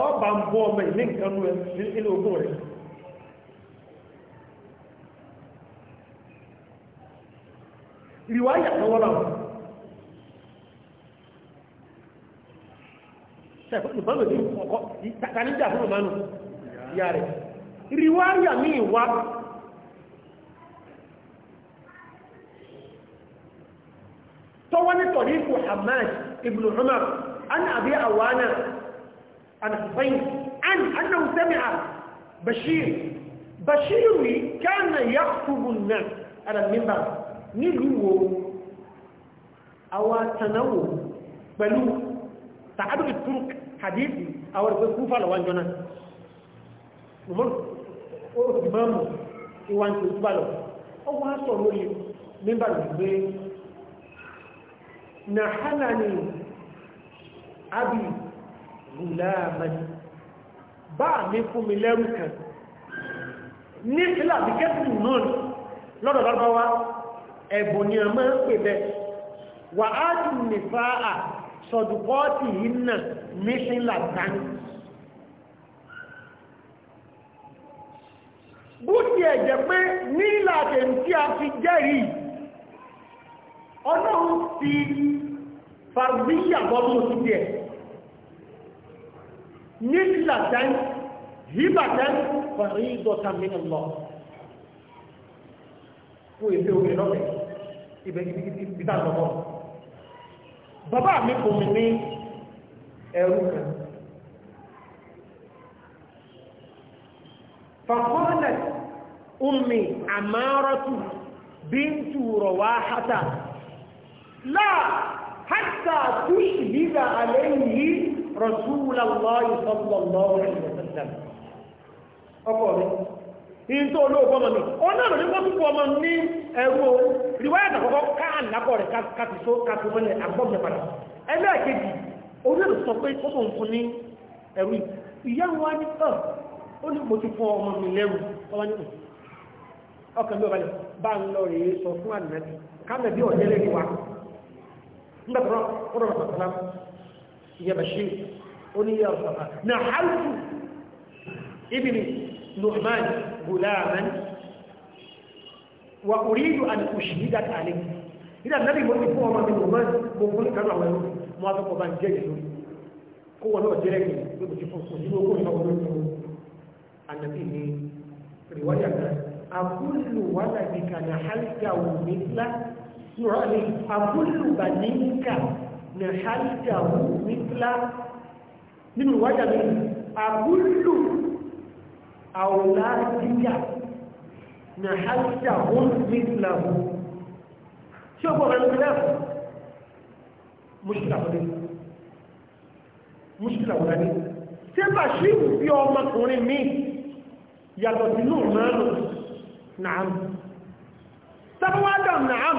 ọba ń bọ́ ọmọ ìní nǹkan nú ẹ nílé ogún rẹ̀ ìrìwáyà lọ́wọ́ náà sẹ́kọ̀ọ́ ìbánu ní ọkọ̀ ìtàkàníjà fún طوال طريق حماد ابن عمر عن أبي أوانا عن حسين عن أنه سمع بشير بشير كان يخطب الناس على المنبر نلو أو تنو بلو تعدد الترك حديث أو الكوفة لو أنجنا نمر أو إمامه يوانتو تبالو أو هاسو نولي منبر بيه نحنني أبي غلاما بعمكم لمكا nífìlà bí kẹ́sì náà lọ́dọ̀ lọ́gbọ́wá ẹ̀bùn ni a máa ń pè bẹ́ wà á jù ní fáà sọ̀dùkọ́ọ̀tì yìí náà nífìlà tán bú ti ẹ̀jẹ̀ pé nílà tẹ̀ tí a fi jẹ́rìí ọlọ́run ti fàríyà bọ́bọ̀ sí díẹ̀ nílàtán hibatan fàríyà min Allah fún ìfẹ́ obìnrin lọ́fẹ̀ ibẹ̀ ìbítà lọ́wọ́ bàbá mi kò mi ní ẹrù kan fàkọ́lẹ̀ ummi àmárọ́tù bíntù rọ̀wá hátà لا حتى تشهد عليه رسول الله صلى الله عليه وسلم أقول in tó olóò fọ́mọ̀ mi ọlọ́rọ̀ ní wọ́n púpọ̀ ọmọ ní ẹ̀rọ ríwáyàtà kọ́kọ́ káàn lápọ̀ rẹ̀ káàkiri tó káàkiri padà sọ pé ó fún ní ẹ̀rù ìyá wa ní ọ̀ ó ní mo ọmọ mi lẹ́rù ọmọ مدرة قرر مثلاً يا بشير قولي يا رفاق نحلت ابن نعمان غلاما وأريد أن أشهدك عليه إذا النبي مرتفع ما من نعمان مقول كان الله يقول ما هذا قبان جيد قوة نوع جريك يقول كيف يقول كيف يقول كيف يقول النبي رواية أقول ولدك نحلته مثلك yọ̀ọ̀lẹ̀ àbúlùbàníkà nà ṣáàjàwó nípìlá nínú ìwájà mi àbúlù àwòládíjà nà ṣáàjàwó nípìlá tí ó gbọ́nà nípìlá mùsùlùmí àwòlẹ́ mùsùlùmí àwòlẹ́ tí ó bá ṣí ìbí ọmọkùnrin mi yàtọ̀ sínú mẹ́rin nàám sábọ́wádọ̀ nàám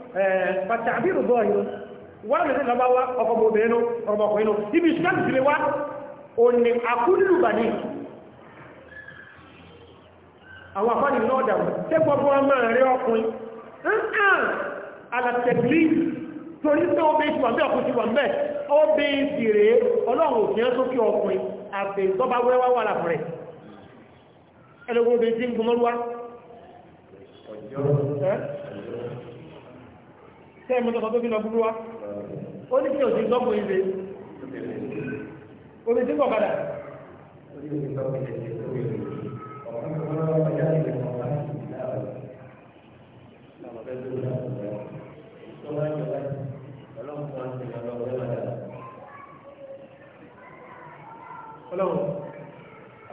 pàtàkìrù bọ́ yìí wọ́n mẹ́sẹ̀ lọ́bá wá ọkọ̀ obìnrin ọmọ ọkọ̀ inú ibi ìṣúkàtì sílé wá òní àkúlù bà ní àwọn afáàlì náà dàbù tẹ́ gbogbo ọmọ rẹ̀ ọkùnrin nǹkan alàtẹ̀lì torí pé ó bẹ́ẹ̀ ti wà ń bẹ́ ọkùnrin ti wà ń bẹ́ ó bẹ́ẹ̀ sì rèé ọlọ́run òfin sókè ọkùnrin àfẹ́ tọ́ba wẹ́wà wà láfẹ́rẹ́ ẹlẹ́gbọ́n obìnrin ti ń gbọmọ́lúwá tẹ́ẹ̀mù tó sọ tó fi lọ búrú wá ó ní kí o ti gbọ́kùn ilé omi tí kò padà ọlọ́run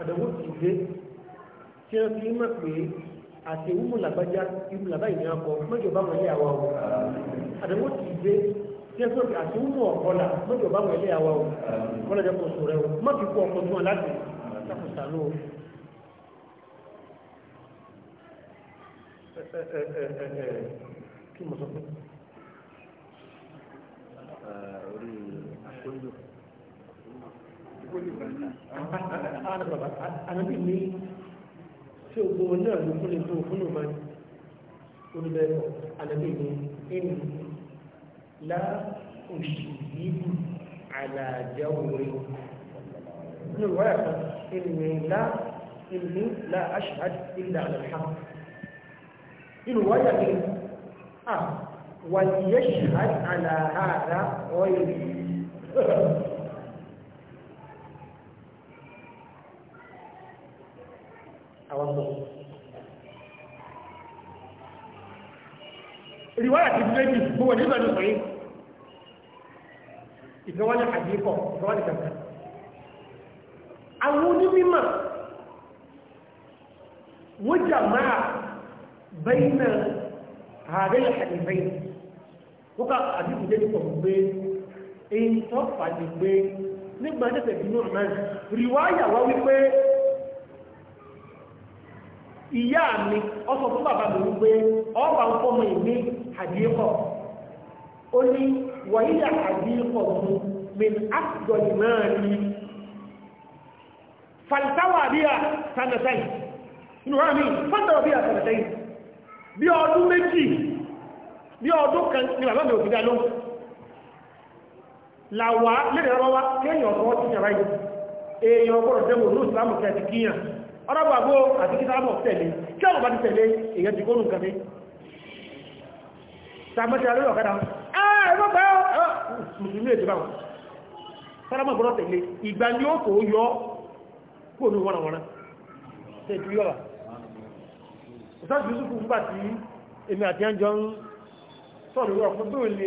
àdàwó ti dé tí wọ́n fi mọ̀ pé àti ìwúmùlàbájá ìwúmùlàbá ìní akọ mẹ́jọba wọn lé àwọn ọ̀hún àdánwò ti dé tí ẹ sọ́kì àti wúnú ọ̀kọ́lá lójú ọba wọn ilé àwa o wọ́n lọ́jọ́ kó sùn rẹ o má fi kú ọkọ̀ tún ọ láti ṣàkóso àlọ́ o. kí mo sọ fún un. orí akóyò. ànábì ní ṣé ogun náà ló fún lè tó fún lòmọ́ ni. oníbẹ̀rẹ̀ alẹ́bí ni ẹni lá òṣìṣẹ́ àlàjẹ́ òwúrẹ́ nínú wáyà kan ẹni lá ẹni lá aṣáájú ilẹ̀ àlàjá nínú wáyà ni à wàlíyẹ́ ṣáájú àlàhàrá ọ̀yẹ́ àwọn ọmọ riwaya ti fẹ́ bí gbogbo nígbà ní sọ yìí ìgbẹ́wọ́n ní àdíkọ̀ ìgbẹ́wọ́n ní kankan àwọn onímọ̀ wọ́n jà máa bẹ́yìn náà ààrẹ àdìbẹ́yìn wọ́n ká àdíkù jẹ́ nípa gbé èyí tó fàdí gbé nígbà tẹ́tẹ̀ bí náà mẹ́rin riwaya wá wípé ìyá mi ọ sọ fún bàbá mi wípé ọ bá ń fọmọ ìgbé àdíkọ̀ ó ní wàhíyà àdíkọ̀ mú min afdọ̀lì náà ní falsawa bí a sanatai inú rán mi falsawa bí a sanatai bí ọdún méjì bí ọdún kan ní bàbá mi òfin dánú làwà lẹ́rẹ̀ rọwá kéèyàn ọ̀tọ́ ti yàrá yìí èèyàn ọgbọ́rọ̀ tẹ́mù ní ìsìlámù kẹ́ àti kíyàn ọ̀rọ̀gbàgbó àti kítàbọ̀ tẹ̀lé kí ọ̀rọ̀ bá ti tẹ̀lé èèyàn ti kó nù kàmí sàmọ́tí alórí ọ̀kadà ẹ̀rọ̀bẹ̀ mùsùlùmí ètò báwọn sáramọ̀ bọ́rọ̀ tẹ̀lé ìgbà ní ó tó yọ kó ní wọ́n wọ́n tẹ̀tù yọ́wà ìsáàtì yusufu nígbà tí èmi àti àjọ ń sọ̀rọ̀ ìwọ̀ fún tó lè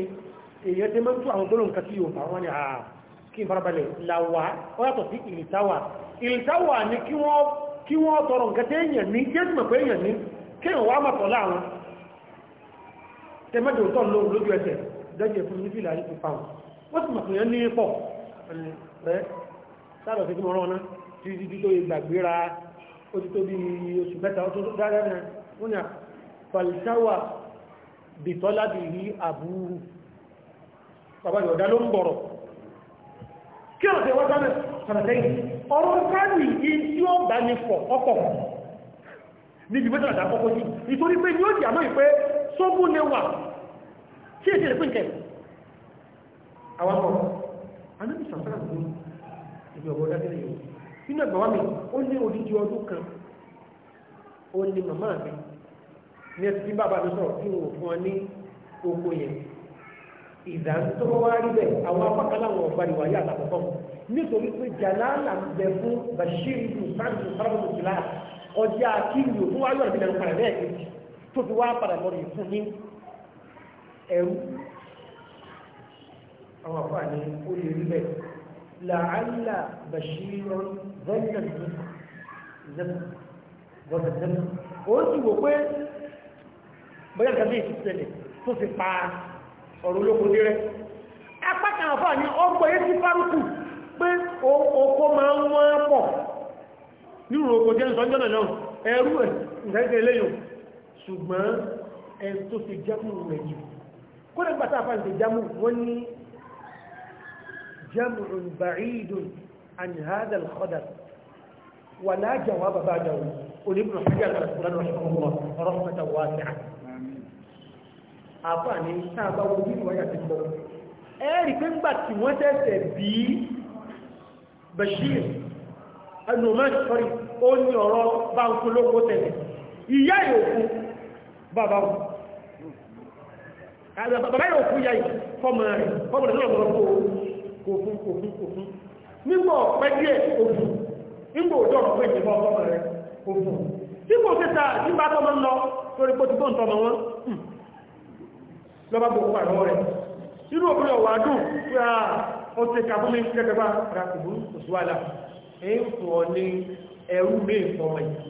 èyàn tẹ mọ́ tó àwọn gbọ́nà nǹkan tí yóò bá wọ́n ni àà kí n farabalẹ̀ làwà ó yàtọ̀ sí ìlìtawà ìlìtawà ni kí wọ́n tọrọ nǹkan tẹ́ èèyàn ní kí èèyàn mọ̀ pé èèyàn ní kí èèyàn wá mọ̀ tọ́lá àwọn tẹ́mẹ́dùn tọ́ lóhun lójú ẹsẹ̀ dẹ́jẹ̀ fún nífìlà yìí ti fáwọn wọ́n ti mọ̀kànlẹ́ ní pọ̀ rẹ̀ sáàdọ̀ sí kí mọ̀rán náà tí títí tó ìgbàgbéra ó ti tó bí oṣù mẹ́ta ó tó dáadáa náà wọ́n ni àpàlìsáwà bìtọ́lá bì rí àbúrú bàbá ìwọ̀dá ló ń bọ̀rọ̀ kí ọ̀rọ̀ tẹ wọ́n dáná sàrẹ̀tẹ́yìn ọ̀rọ̀ káàdì yìí tí ó bá ní pọ̀ ọ̀pọ̀ níbi pé tàbí àkọ́kọ́ sí nítorí pé yóò jẹ́ àmọ́ ìpé tó bú lè wà tí èsì rẹ̀ pínkẹ̀ àwọn ọmọ anábì sàfẹ́rà mú ibi ọ̀bọ̀ dágẹ́rẹ̀ yìí nínú ẹgbàwá mi ó ní odidi ọdún kan ó ní màmá mi ní ẹsì tí bàbá mi sọ̀rọ̀ tí wọ́n fún ọ ní oko yẹn ìdá tó wá rí bẹ́ẹ̀ àwọn apákan láwọn ọ̀gbà ìwà yà àtàkọ́kọ́ nítorí pé jàlálà ń bẹ fún bashir ibn sáàdùn sáàdùn sílá ọjà kí ìlú fún ayọ̀ ìbílẹ̀ ń parẹ́ tó fi wá padà lọ rí fún ní ẹrú àwọn àfààní ó lè rí bẹ́ẹ̀ làálà bàṣírọ zẹ́nìlẹ̀ zẹ́nìlẹ̀ ó sì wò pé bóyá nǹkan méjì ṣẹlẹ̀ tó fi pa ọ̀rọ̀ olóko dérẹ́ apá kan àfààní ọgbọ̀ yé ti fárúkù pé oko máa ń wọ́n pọ̀ nírò oko jẹ́ sọ́jọ́ náà ẹrú ẹ̀ ìgbẹ́gbẹ́ eléyìí ṣùgbọ́n ẹn tó fi jámù rẹ̀ jù kó lè gbàtà àfáà ṣe jámù wọ́n ní jámù ba'idun an hadha al-khadar wa la jawaba ba'dahu oníbùn àfíjàlá rahmatan wasi'a àfáà ní sáàbá wo bí wáyà ti bọ̀ ẹ̀rì pé ńgbà tí wọ́n tẹ́sẹ̀ bí Bashir ẹnu mẹ́sọ̀rí ó ní ọ̀rọ̀ báńkú lókó tẹ̀lẹ̀ ìyá ìyókù bàbá bàbá yóò fún ya fọ́mọ̀ rẹ̀ fọ́mọ̀ rẹ̀ náà mọ́ kò fún kò fún kò fún nígbà ọ̀pẹ́ díẹ̀ òfin nígbà òjò ọ̀pẹ́ ìjìnbọn fọ́mọ̀ rẹ̀ òfin tí kò fẹ́ ta tí bá tọ́mọ lọ torí pé tìbọn tọmọ wọn hmm. lọ́bá bò pàrọ̀ rẹ̀ irú òbúrẹ̀ wà dùn pé a ah, ó ti kà fún mi kẹ́kẹ́ bá ra kùbú òṣùwàlà èyí fún ọ ní ẹrú mi ìfọmọ yìí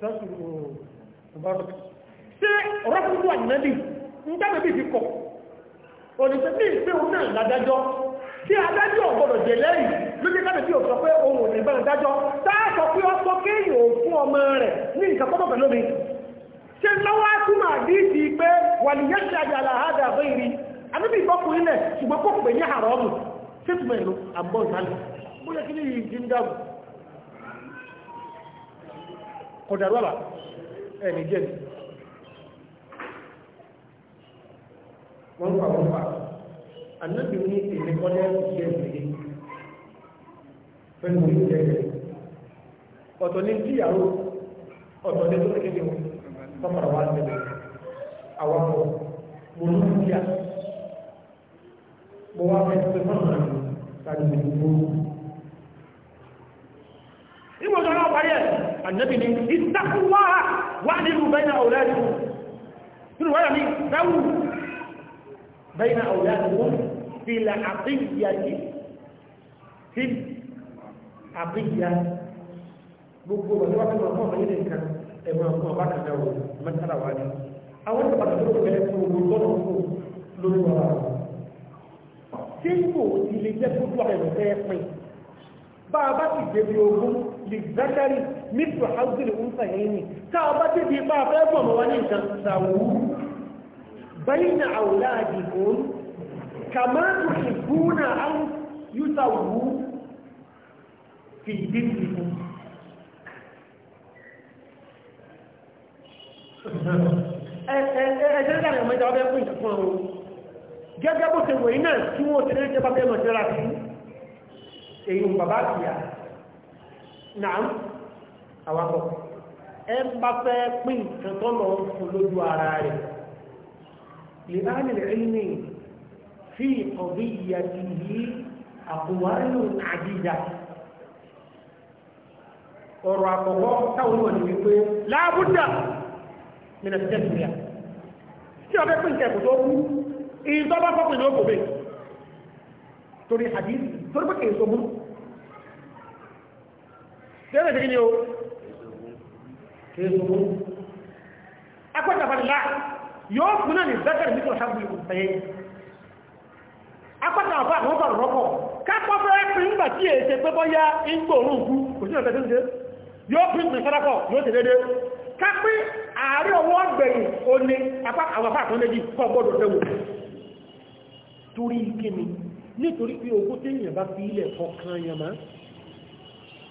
sọ́sù ọ̀bọ̀rọ̀ ṣé rọ́pùtù ànìyànbí ń dábẹ̀ bí fi kọ̀ òdìsẹ́ bí ìpé òun náà ládájọ́ tí adájọ́ ọ̀gbọ́dọ̀ jẹ lẹ́yìn ló jẹ́ káàdì bí ò sọ pé ohun òní bá ń dájọ́ táàkọ̀ pé ó sọ kéèyàn ò fún ọmọ rẹ̀ ní nǹkan pọ́pọ̀ pẹ̀lú mi ṣe lọ́wọ́ túmọ̀ àdíìsì pé wàlìyẹ́ ṣe àjà àlàáda àbẹ́ ìrì àbíbí ìbọ́kùnrin lẹ̀ ṣùgbọ́n kò pè ní àrọ́ ọ̀mù ṣé tùmọ̀ ìlú àbọ̀ ìbálẹ̀ bóyá kí ní ìdí ń dàgbù kọjá lọ́la ẹni jẹ́ ni wọ́n fà wọ́n fà anábì ní èmi kọ́ ní ẹ̀kọ́ sí ẹ̀sìn yìí pẹ̀lú ìjẹ́ rẹ̀ ọ̀tọ̀ ní tíyàwó ọ̀tọ̀ ní tó kékeré wọn tọ́pọ̀rọ̀ wá sí àwọn ọmọ mo náà parí ẹ̀ ànábì ni ìtàkùnwá wà nínú bẹ́ẹ̀nà ọ̀lẹ́dù nínú wáyà ní dáwù bẹ́ẹ̀nà ọ̀lẹ́dù wọn fi là àbíyà ní fi àbíyà gbogbo ọjọ́ wákàtí wọn fún ọmọdé nìkan ẹ̀wọ̀n fún ọba kan dáwù mẹ́tàlá wà ní àwọn ìjọba tó tó bẹ̀rẹ̀ fún ogun lọ́nà fún lórí wọn tí kò tilẹ̀ jẹ́ kó tó àbẹ̀rẹ̀ fẹ́ pin bá a bá ti débi ogún lè zákàrí mítù haúsìlì ń sàyẹ́ ní tá a bá débi bá a fẹ́ bọ̀ mọ́ wá ní nǹkan ṣàwù bẹ́yìn àwòlá àdìgbò kàmá tó ti gúnà àwọn yúta wù fi ìdí ìdìbò ẹ̀ẹ́dẹ́gbẹ̀rẹ̀ ọmọ ìjọba ẹgbẹ́ fún ìjọba gẹ́gẹ́ bó ṣe wòye náà tí wọ́n ti rí ìjọba ẹgbẹ́ mọ̀ sí èyí bàbá na náà àwapọ̀ ẹ bá fẹ́ lọ ara rẹ̀ lè bá fi ọ̀bí ti yí àkùwárínù àdídà ọ̀rọ̀ táwọn ni wípé láàbúdà mìíràn ti tẹ́sìlẹ̀ tí ọ̀fẹ́ pín kẹ́kù tó kú ìyí ní tẹ́lẹ̀ tẹ́lẹ̀ ni ó kéèkó akọ́tàbàlá yóò fún náà ní zákàrí mítọ̀ sábúlì òfẹ́ akọ́tàbà àwọn ọ̀pọ̀ rọ́pọ̀ kápọ̀ fẹ́ pín gbà tí èsẹ pé bọ́ yá ìgbòrún kú kò sí ọ̀tẹ́ tó yóò pín pín sọ́dọ́pọ̀ yóò tẹ́ dédé kápí ààrẹ ọwọ́ gbẹ̀yìn ó ní apá àwọn apá àtọ́ méjì kọ́ gbọ́dọ̀ tẹ́wò torí kíni nítorí pé ogún tí èèyàn bá fi ilẹ̀ kọ̀ọ̀kan yẹn máa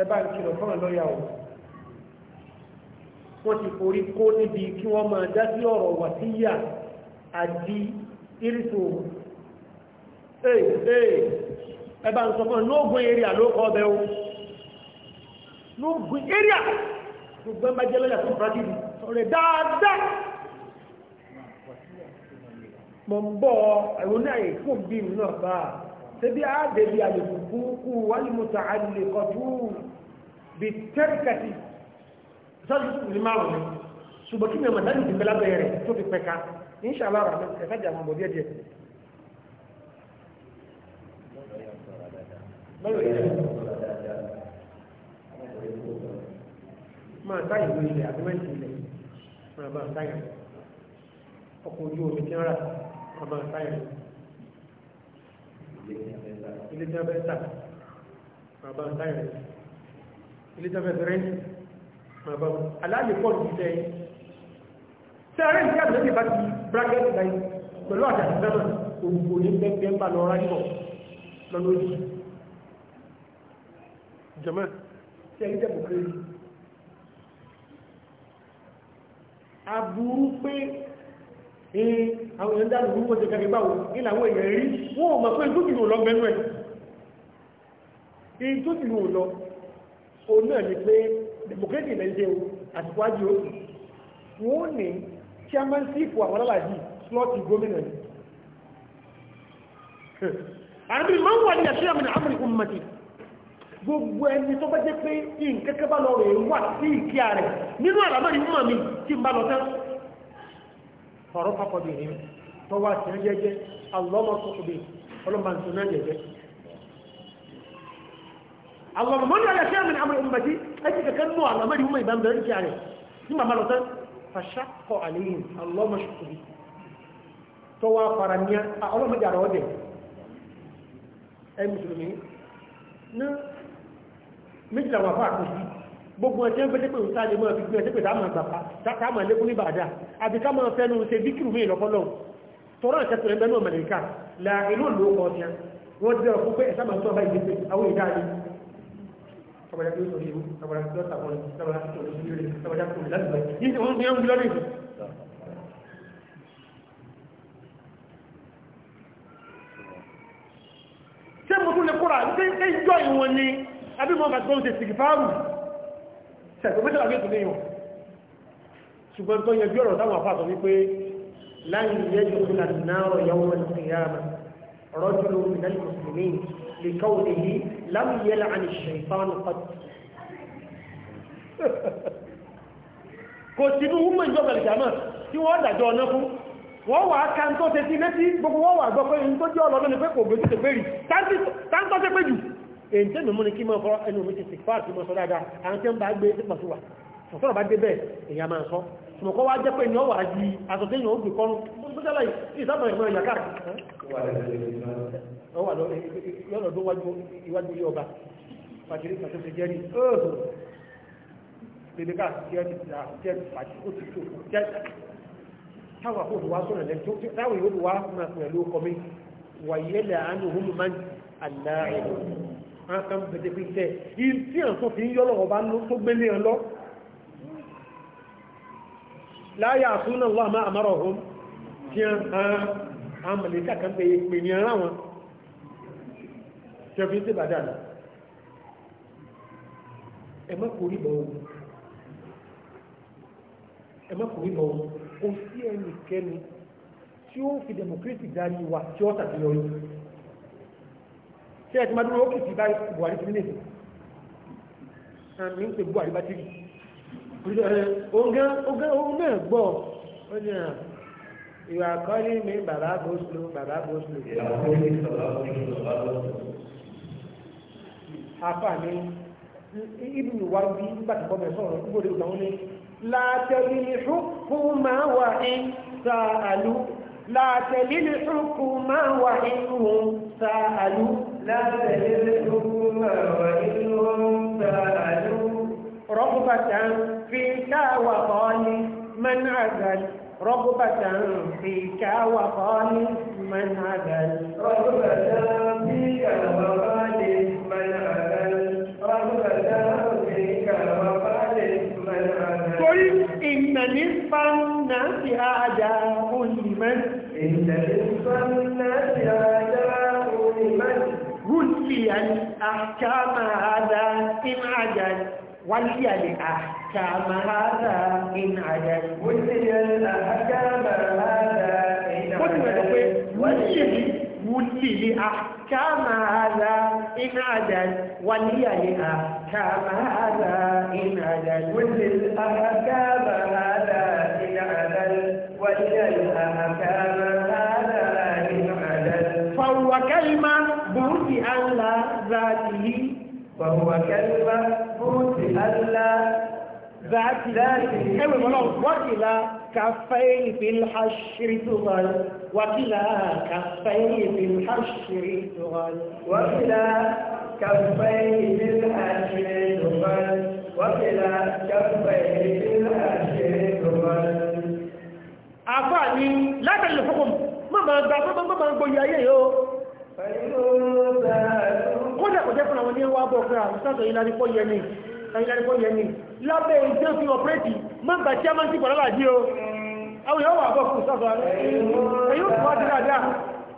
ẹ bá ń kìlọ̀ fún ọlọ́yà o wọ́n ti forí kó níbi kí wọ́n máa dá sí ọ̀rọ̀ wàsíyà àti irisu ee ee ẹ bá ń sọ fún ọ n'ogun area ló kọ́ ọbẹ̀ o mọ̀ ń bọ̀ ẹ̀rọ náà èkó bí náà bá ṣebí a dẹbi alifuku walimuta alikọtu bi tẹrikati sọlá lima wọn ṣùgbọ́n kí ni ọmọ sáré ìdìbẹ́lá bẹ̀rẹ̀ tó fi pẹ̀ka inṣàlá rà mẹ́ta ẹ̀ka jà mọ̀ díẹ̀ díẹ̀. báyọ̀ yẹn máa táyà ìwé ilẹ̀ àbímẹ́ntì ilẹ̀ máa bá táyà ọkọ̀ ojú omi tí ń rà máa bá táyà ìwé ilé tí wọ́n fẹ́ tà máa bá táyà rẹ̀ ilé tí wọ́n fẹ́ rẹ̀ máa bracket báyìí pẹ̀lú àtàkì náà òǹkò ní bẹ́ẹ̀ bá lọ ráyọ̀ lọ́nà òjì jọmọ́ ní àwọn èèyàn dáàbò gbogbo ṣe kàrí báwo ní làwọn èèyàn rí wọ́n ò mọ̀ pé tó o náà ni pé democracy ilẹ̀ o àsìkò o wọ́n ní chairmanship àwọn aláàjì slọ́ọ̀tì gómìnà ni àbí máa ń wà ní àṣírí àmì àmì ìkùnmọ̀tì gbogbo ẹni tó bá jẹ́ pé nǹkan kẹ́ bá lọ rẹ̀ wà sí ìkíà rẹ̀ nínú àlámọ́ ìmọ̀ mi tí ń bá lọ tán فرفق بهم تواسع جيجي اللهم ارفق بهم اللهم انتنا جيجي اللهم من على شيء من امر امتي اجي كان مو على امر امي بام بيرجع عليه ثم ملوتن فشق عليهم اللهم اشق بهم توافرنيا اللهم جارو دي اي مسلمين نا مثل وفاة مسلمين gbogbo ẹ̀tẹ́ ń pẹ́tẹ́ pé òun sáàlẹ̀ mọ́ ìgbìyàn tẹ́pẹ̀ dáàmà gbàpá dáàmà lékún ní bàdá àbí ká máa fẹ́nu ṣe bíkìrù mí lọ́pọ́lọ́ tọ́rọ ìtẹ́pẹ̀ ẹgbẹ́ náà mẹ́ríkà la inú ìlú ọ̀sẹ̀ wọ́n ti dẹ̀rọ̀ fún pé ẹ̀sà máa tó ọba ìgbésẹ̀ àwọn ìdáàlẹ̀ ṣe mo tún lè kúrà ní ẹjọ́ ìwọ̀n ni abí mọ́ bàtí wọ́n ti sìgìfáàrù sẹ̀tọ̀mẹ́tà ní ìtùlé yàn ṣùgbọ́n tó yẹjú ọ̀rọ̀ táwọn àfáàsọ wípé láyìn yẹjú ìlà náà yàwó ìyára rọ́jùlù ìlà mùsùlùmí lè káwọn èyí lámìyẹ́lá àni ṣèfánù pàtó kò sí ní wúmọ̀ ìjọba ìjàmà tí wọ́n dàjọ ọ̀nà fún wọ́n wà ká ń tó ṣe èyí tẹ́mi mú ní kí mọ́ fọ́ ẹnu mi ti sìkfà tí mọ́ sọ dáadáa àwọn tẹ́ ń bá gbé sí pàṣíwà sọ̀tọ́rọ̀ bá dé bẹ́ẹ̀ èyí a máa sọ ṣùgbọ́n wá jẹ́ pé ní ọwà ju àsọ̀tẹ́yìn ògbè kọrún tó sẹ́lẹ̀ ìsábà ìmọ̀ ìyà káàkiri ọwà lọ́dún iwájú ilé ọba pàṣírí pàṣẹ ṣe jẹ́rì ọ́ọ̀hún bèbè ká jẹ́rì jẹ́rì pàṣírí ó ti tó jẹ́rì nǹkan bẹ̀jẹ̀ fi jẹ́ ìyí tí à ń tún fi ń yọ́lọ̀ ọba tó gbélé ẹ lọ láyé àtúnà wà máa àmárọ̀ ọ̀hún tí a ń mọ̀lẹ́kà kan pé pè ní ara wọn tí a fi ẹ má kò rí bọ̀wọ̀ ẹ kò sí ẹnikẹ́ni tí ó fi democracy dárí wa tí ó tàbí ọyọ́ tí ẹ ti máa dúró ókè sí bá buhari ti nílé àmì ń pè buhari bá ti rí òun náà gbọ́ ó ní à ìwà kọ́lé mi bàbá bóṣùlù bàbá bóṣùlù. àfa mi ibùdó wa bí nígbà tí bọ́mẹ̀ sọ̀rọ̀ ìgbà wọn ni látẹ̀lí hukuma wa ń sa àlù látẹ̀lí hukuma wa ń sa àlù. لا وإنهم رغبة فيك وطالب من عدل رغبة فيك وطالب من عدل رغبة فيك وطالب من عدل رغبة فيك من عدل قل إن نصف الناس أعداء لمن إن نصف الناس أعداء وليا أحكام هذا إن عجل ولي لاحكام هذا إن عجل ولي لاحكام هذا إن عجل ولي لأحكام هذا إن عجل ولي لأحكام هذا إن عجل ولي لاحكام هذا إن عجل ولي الأحكام المنفوت ألا ذاته وهو كالمنفوت ألا ذات ذاته وكلا كفين في الحشر تغل وكلا كفين في الحشر تغل وكلا كفين في الحشر تغل وكلا كفين في الحشر تغل أفاني لا ما ما ما ما ما ما ما ما ما kódà kò jẹ́ fún àwọn ní wá bọ̀ pé àwọn sátọ̀ ìlànìpọ̀ yẹni ìlànìpọ̀ yẹni lábẹ́ ìjọ fi ọ̀pẹ́rẹ́tì má tí a máa ń sí pọ̀lọ́lá dí o àwọn yóò bọ̀ fún sátọ̀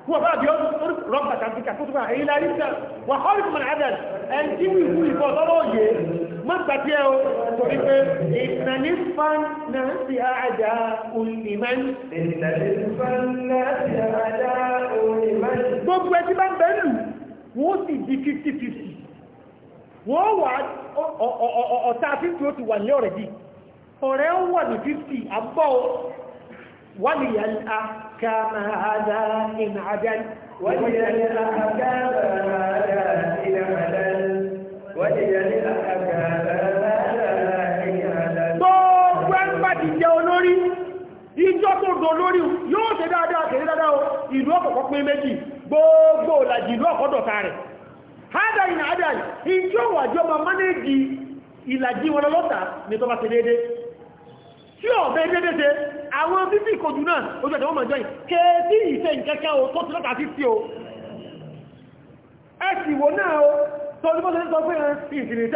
هو بقى بيقول ربك عن فكرة كتبها إلى إنت وخارج من عدد أن تيوي يقول فضلوية ما تبتيعه طريق إن نصفا ناس أعداء لمن إن نصفا ناس أعداء لمن gbogbo ẹtí bá ń bẹ lù wọ́n sì di fifty fifty wọ́n wà ọ̀tá fifty ó ti wà ní ọ̀rẹ́dì ọ̀rẹ́ ó wà ní fifty àbọ̀ ولي الأحكام هذا إن عدل ولي الأحكام هذا إن عدل ولي الأحكام هذا إن عدل gbogbo ẹgbẹ́ ti jẹ olórí ìjọ tó dò lórí yóò ṣe dáadáa kèrè dáadáa ìlú ọ̀kọ̀kọ́ pín méjì gbogbo òlàjì ìlú ọ̀kọ́dọ̀ta rẹ̀ hádà ìnà àdà ìjọ wàjọ́ ma mánéjì ìlàjì wọn lọ́ta ní tó bá ṣe déédéé tí ó fẹ́ dédé ṣe àwọn fífí ìkòjù náà ojú ẹ̀dẹ̀wọ́n mọ̀ jọyìn kéèkì ìṣẹ́ ìkẹ́kẹ́ o tó ti lọ́ta fífí o ẹ̀sì wo náà o tó ní mọ́sẹ̀ sọ pé ni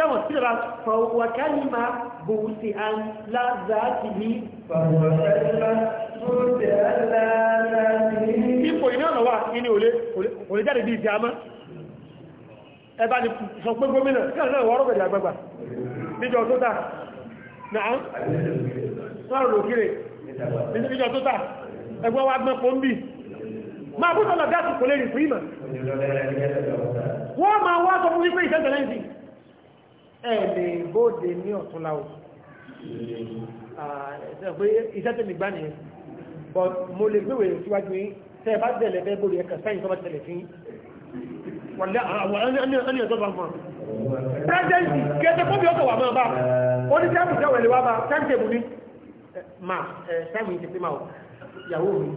sọ pé gómìnà náà wọ́rọ̀ pẹ̀lú àgbàgbà níjọ tó dáa náà lọ́rùn lókèrè ìjọ tó tà ẹgbẹ́ wa gbọ́n pọ̀ ń bì máa bú sọ́lọ̀ gáàsì kò lè rí fún ìmọ̀ wọ́n máa wá sọ fún wípé ìtẹ́tẹ̀lẹ́sì ẹ̀ lè bóde ní ọ̀túnlá o ìtẹ́tẹ̀lẹ́gbà nìyẹn but mo lè gbéwèé síwájú yín tẹ́ ẹ bá tẹ̀lẹ̀ bẹ́ẹ̀ bóde ẹ̀kà sáyìn tó bá tẹ̀lẹ̀ fi wọ̀lẹ́ àwọn ẹni ẹ̀tọ́ bá mọ̀ pẹ́ẹ́dẹ́sì kẹ́ẹ́tẹ́ fún bí ọkọ̀ wà máa bá ó ní tẹ́ẹ̀bù tẹ́wẹ̀lẹ̀ wá bá tẹ́ẹ̀tẹ̀bù ní ma ẹ sáàmù yìí ti pé ma o ìyàwó mi.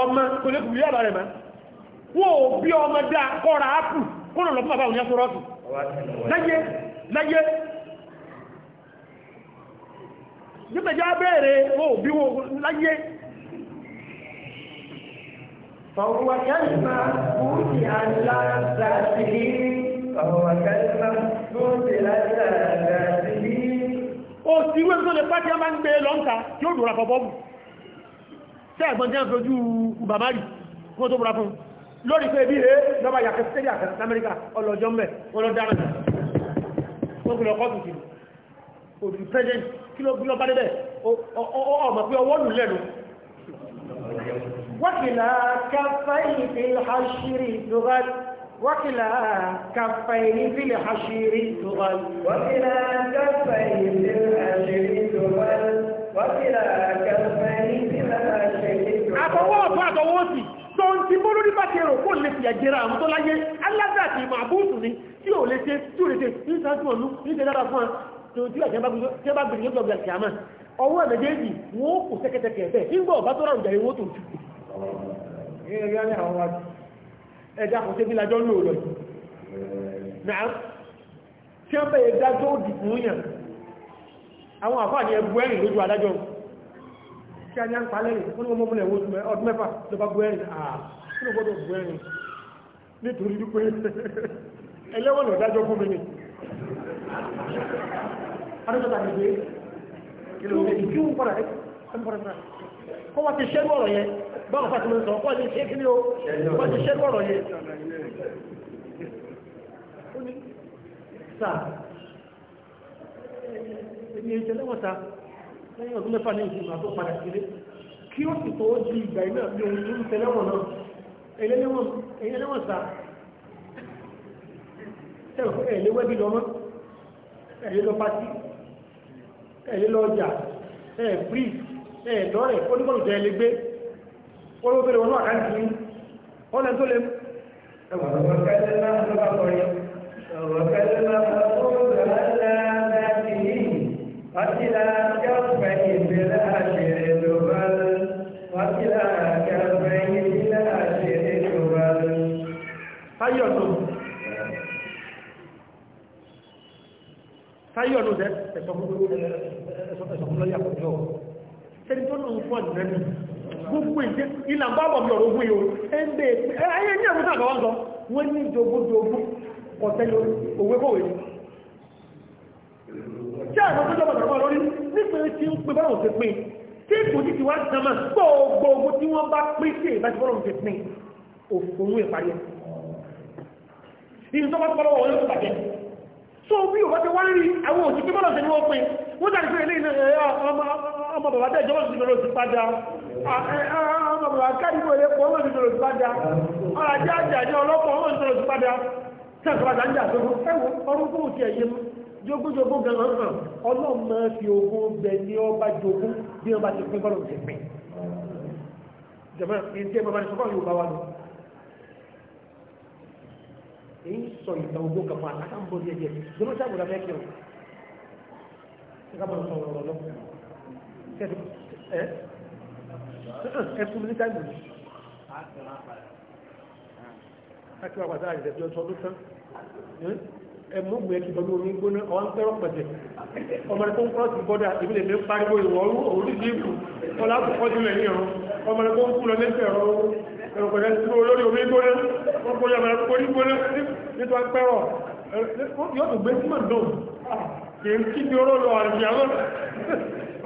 ọmọ kò lè kùbí yàrá rẹ̀ mọ́ wọ́n ò bí ọmọ dá kọ́ra ápù kọ́nà lọ fún bàbá òun yẹn sọ́rọ́ tù láyé láyé nígbàjá bẹ́ẹ̀rẹ̀ wọ́n ò bí wọ́n láyé فهو كلمة قولي على سبيل ọ̀wọ̀ kẹ́lá tó ṣe láti àgbà sí i. ó ti wé tó lè pàtí a máa ń gbé lọ́ǹta tí ó dùn rafọ bọ́ọ̀bù tẹ́ ẹ̀gbọ́n jẹ́ fojú ubamari kó tó bùra fún lórí pé bí rẹ̀ lọ́ba yàtọ̀ sílẹ̀ àkàtà lamẹ́ríkà ọlọ́jọ́ وكلا كفيه في الحشير تغل وكلا كفيه في الحشير تغل وكلا كفيه في الحشير تغل àtọwọ́ ọ̀tọ́ àtọwọ́ sí tó ń ti bólórí bá ti rò kó lè fi àjẹrà àwọn tó láyé alágbàtí ìmọ̀ àbúùsù ni tí ò lè ṣe tí ò lè ṣe ní sáájú ọ̀nú ní ṣe dára fún ọ tí ó jẹ́ bá gbìyànjú ọgbà kìámà ọwọ́ ẹ̀mẹ́dẹ́jì wọ́n kò sẹ́kẹ́tẹ̀kẹ̀ bẹ́ẹ̀ nígbà ọ̀bá tó rọrùn jẹ́ wọ́n tó jù ẹ̀dá kò sí bílájọ́ ní òòlọ́ yìí náà tí wọ́n bẹ̀rẹ̀ dájọ́ òdìbò yàn àwọn àfáàní ẹgbù ẹ̀rìn lójú adájọ́ kí a ní à ń palẹ̀ rìn wọ́n ní wọ́n mọ́mọ́lẹ̀ wọ́n ọdún mẹ́fà tó bá gbẹ̀rìn àà kí ló gbọ́dọ̀ gbẹ̀rìn nítorí wípé ẹlẹ́wọ̀n ọ̀dájọ́ fún mi ni adójọ́ta nìgbé kí ló ń padà kó wá ti ṣẹ́rú ọ̀rọ̀ yẹn báwọn fásitì mọ́ sọ kó wá ti ṣe kí ní o wá ti ṣẹ́rú ọ̀rọ̀ yẹn sáà ẹni ẹjẹ lẹ́wọ̀n ta lẹ́yìn ọdún mẹ́fà ní ìjìnlẹ̀ tó padà kéré kí ó sì tó di ìgbà iná ẹ̀ eh, lọ́rẹ̀ oníkọ̀lù jẹ́ ilé gbé oró tó lè wọnú àkáǹtì yìí ọ̀nà tó lè Táyọ̀ ló jẹ́ ẹ̀sọ̀kúnlọ́yà pẹ̀lú ọ̀rọ̀ sẹ́ni tó lòun fọ́ ìrẹ́mi gbogbo ìdí ìlà bá bọ̀ bí ọ̀rọ̀ ogun yóò ẹgbẹ́ ayé ní àwọn ìsàkọ̀ wọ́n sọ wọ́n ní ìjọgbójọgbó ọ̀tẹ́ lórí òwe kọ̀wé tí àwọn tó jọba tàbí lórí nípele tí ń pe bọ́lọ̀ ti pin tí kò ní ti wá sàmà gbogbo ogun tí wọ́n bá pín sí ìbájú bọ́lọ̀ ti pin òfòrún ìparí ẹ̀ ìrìntọ́ bá tọ́lọ́ wọ́n yóò bàjẹ́ so bí òbá ti wá rí àwọn òṣìṣẹ́ bọ́lọ̀ ti ní wọ́n pin wọ́n tàbí pé ọmọ bàbá tẹ́ ìjọba ti lọ sí padà ọmọ bàbá kárìkò ilé pọ̀ ọmọ ìjọba ti padà ọ̀rọ̀ ajé ajé ajé ọlọ́pọ̀ ọmọ ìjọba ti padà sẹ́kọ̀ọ́dà ń jà tó ẹwọ ọdún kó ti ẹ̀yẹ mú jogójogó gan-an hàn ọlọ́mọ fi ogún bẹ ní ọba jogún bí ọba ti pín bọ́lọ̀ ti pín jẹ̀mọ́ èyí tí ẹ bàbá ní sọ́kọ́ yóò bá wà lọ èyí sọ ìta ogún kan fún àtàkà ń bọ́ díẹ̀ díẹ̀ jọmọ́ ẹkùn ní táìmù ní akíwà pàtàkì àti ẹ̀fẹ́ ọjọ́ ọdún tán ẹmú gbé ẹkì pẹ̀lú omi gbóná ọwọ́n pẹ́rọ pẹ̀tẹ̀ ọmọdé tó ń kọ́ sí bọ́dà ìbílẹ̀ mi ń pariwo ìwọ̀rú oríṣi ìlú ọlá tó kọ́ sílẹ̀ ní ọ̀run ọmọdé tó ń kú lọ lẹ́sẹ̀ ọ̀rọ̀ ẹ̀rọ pẹ̀lú ẹni tó lórí omi gbóná wọ́n kó yàmà orí gbóná nítorí pẹ́rọ yóò tó gbé símọ̀ náà kì í kí ni oró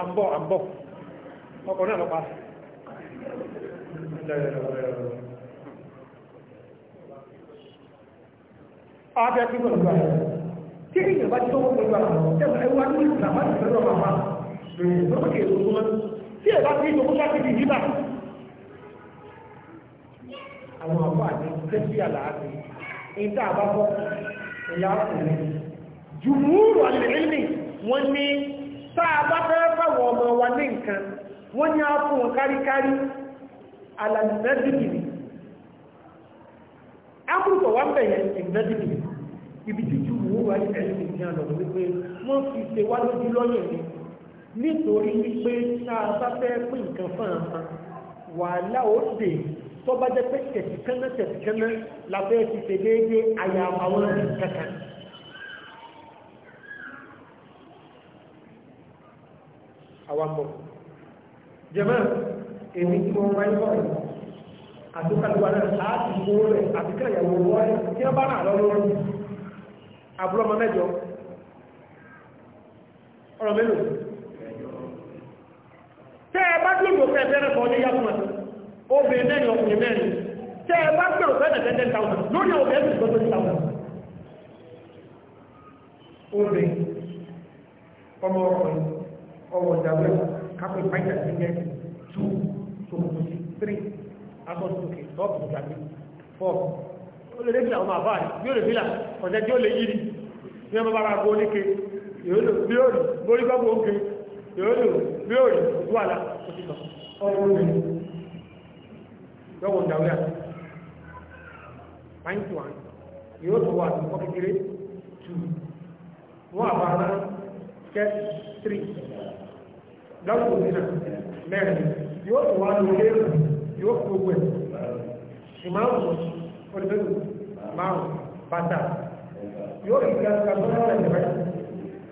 àmbọ̀ àmbọ̀ ọkọ̀ náà lọ́pàá ààbẹ̀ pípọ̀ ìgbà tí kí ìgbà tí ó wọ́n pẹ̀lú àwọn tẹ́lẹ̀ ẹwà ní ìgbà tí pẹ̀lú ọmọ àpá lọ́pàá kí èso súnmọ́ tí ẹ̀bá tí ìgbà kúta ti dìí wọ́n ní sáà bá fẹ́ fáwọn ọmọ wa ní nǹkan wọ́n ní á fún káríkárí alàmìnàdìbìrì ápùtọ̀ wá bẹ̀yẹ̀ ìmìnàdìbìrì ibi títí wò wá ní ẹ̀sìn ìdí ni nítorí wípé sáà bá fẹ́ pín nǹkan fáǹfà wàhálà ó dè tó bá jẹ́ pé tẹ̀síkánná tẹ̀síkánná la fẹ́ fi ṣe déédéé àyà àwọn mọ̀ jẹ́mọ́ èmi tí wọ́n wáyé sọ̀rọ̀ àtúkàlùwà náà láti gbówó rẹ̀ àti kẹ́yàwó wọ́n tí wọ́n bá rà lọ́wọ́ àbúrọ̀mọ mẹ́jọ ọ̀rọ̀ mélòó tẹ́ ẹ bá gbèrò fẹ́ fẹ́rẹ̀ kan ní yàtọ̀ obìnrin mẹ́rin ọkùnrin mẹ́rin tẹ́ ẹ bá gbèrò fẹ́ fẹ́ ten thousand lórí obìnrin mẹ́rin tó tó thousand obìnrin ọmọ ọkùnrin ọwọ́ ìdàwẹ́ kápẹ́ ìpáyà sí jẹ́ tú tòkòtò sí tírí agbọ́sókè tọ́pù ìgbàgbé fọ́ ó lè débìlà ọmọ àbá rẹ̀ bí ó lè bílà ọ̀jẹ́ tí ó lè yí ni bí wọ́n bá bára gbó níke yóò bí ó rí borí gbọ́gbọ́ òkè yóò dáwọ̀ nínà mẹ́rin yóò tó wá ní ilé ìrìn yóò kó gbẹ̀ ìmáàmù olùbẹ́lù márùn bàtà yóò rí kàtọ́mọ́ ẹ̀rẹ́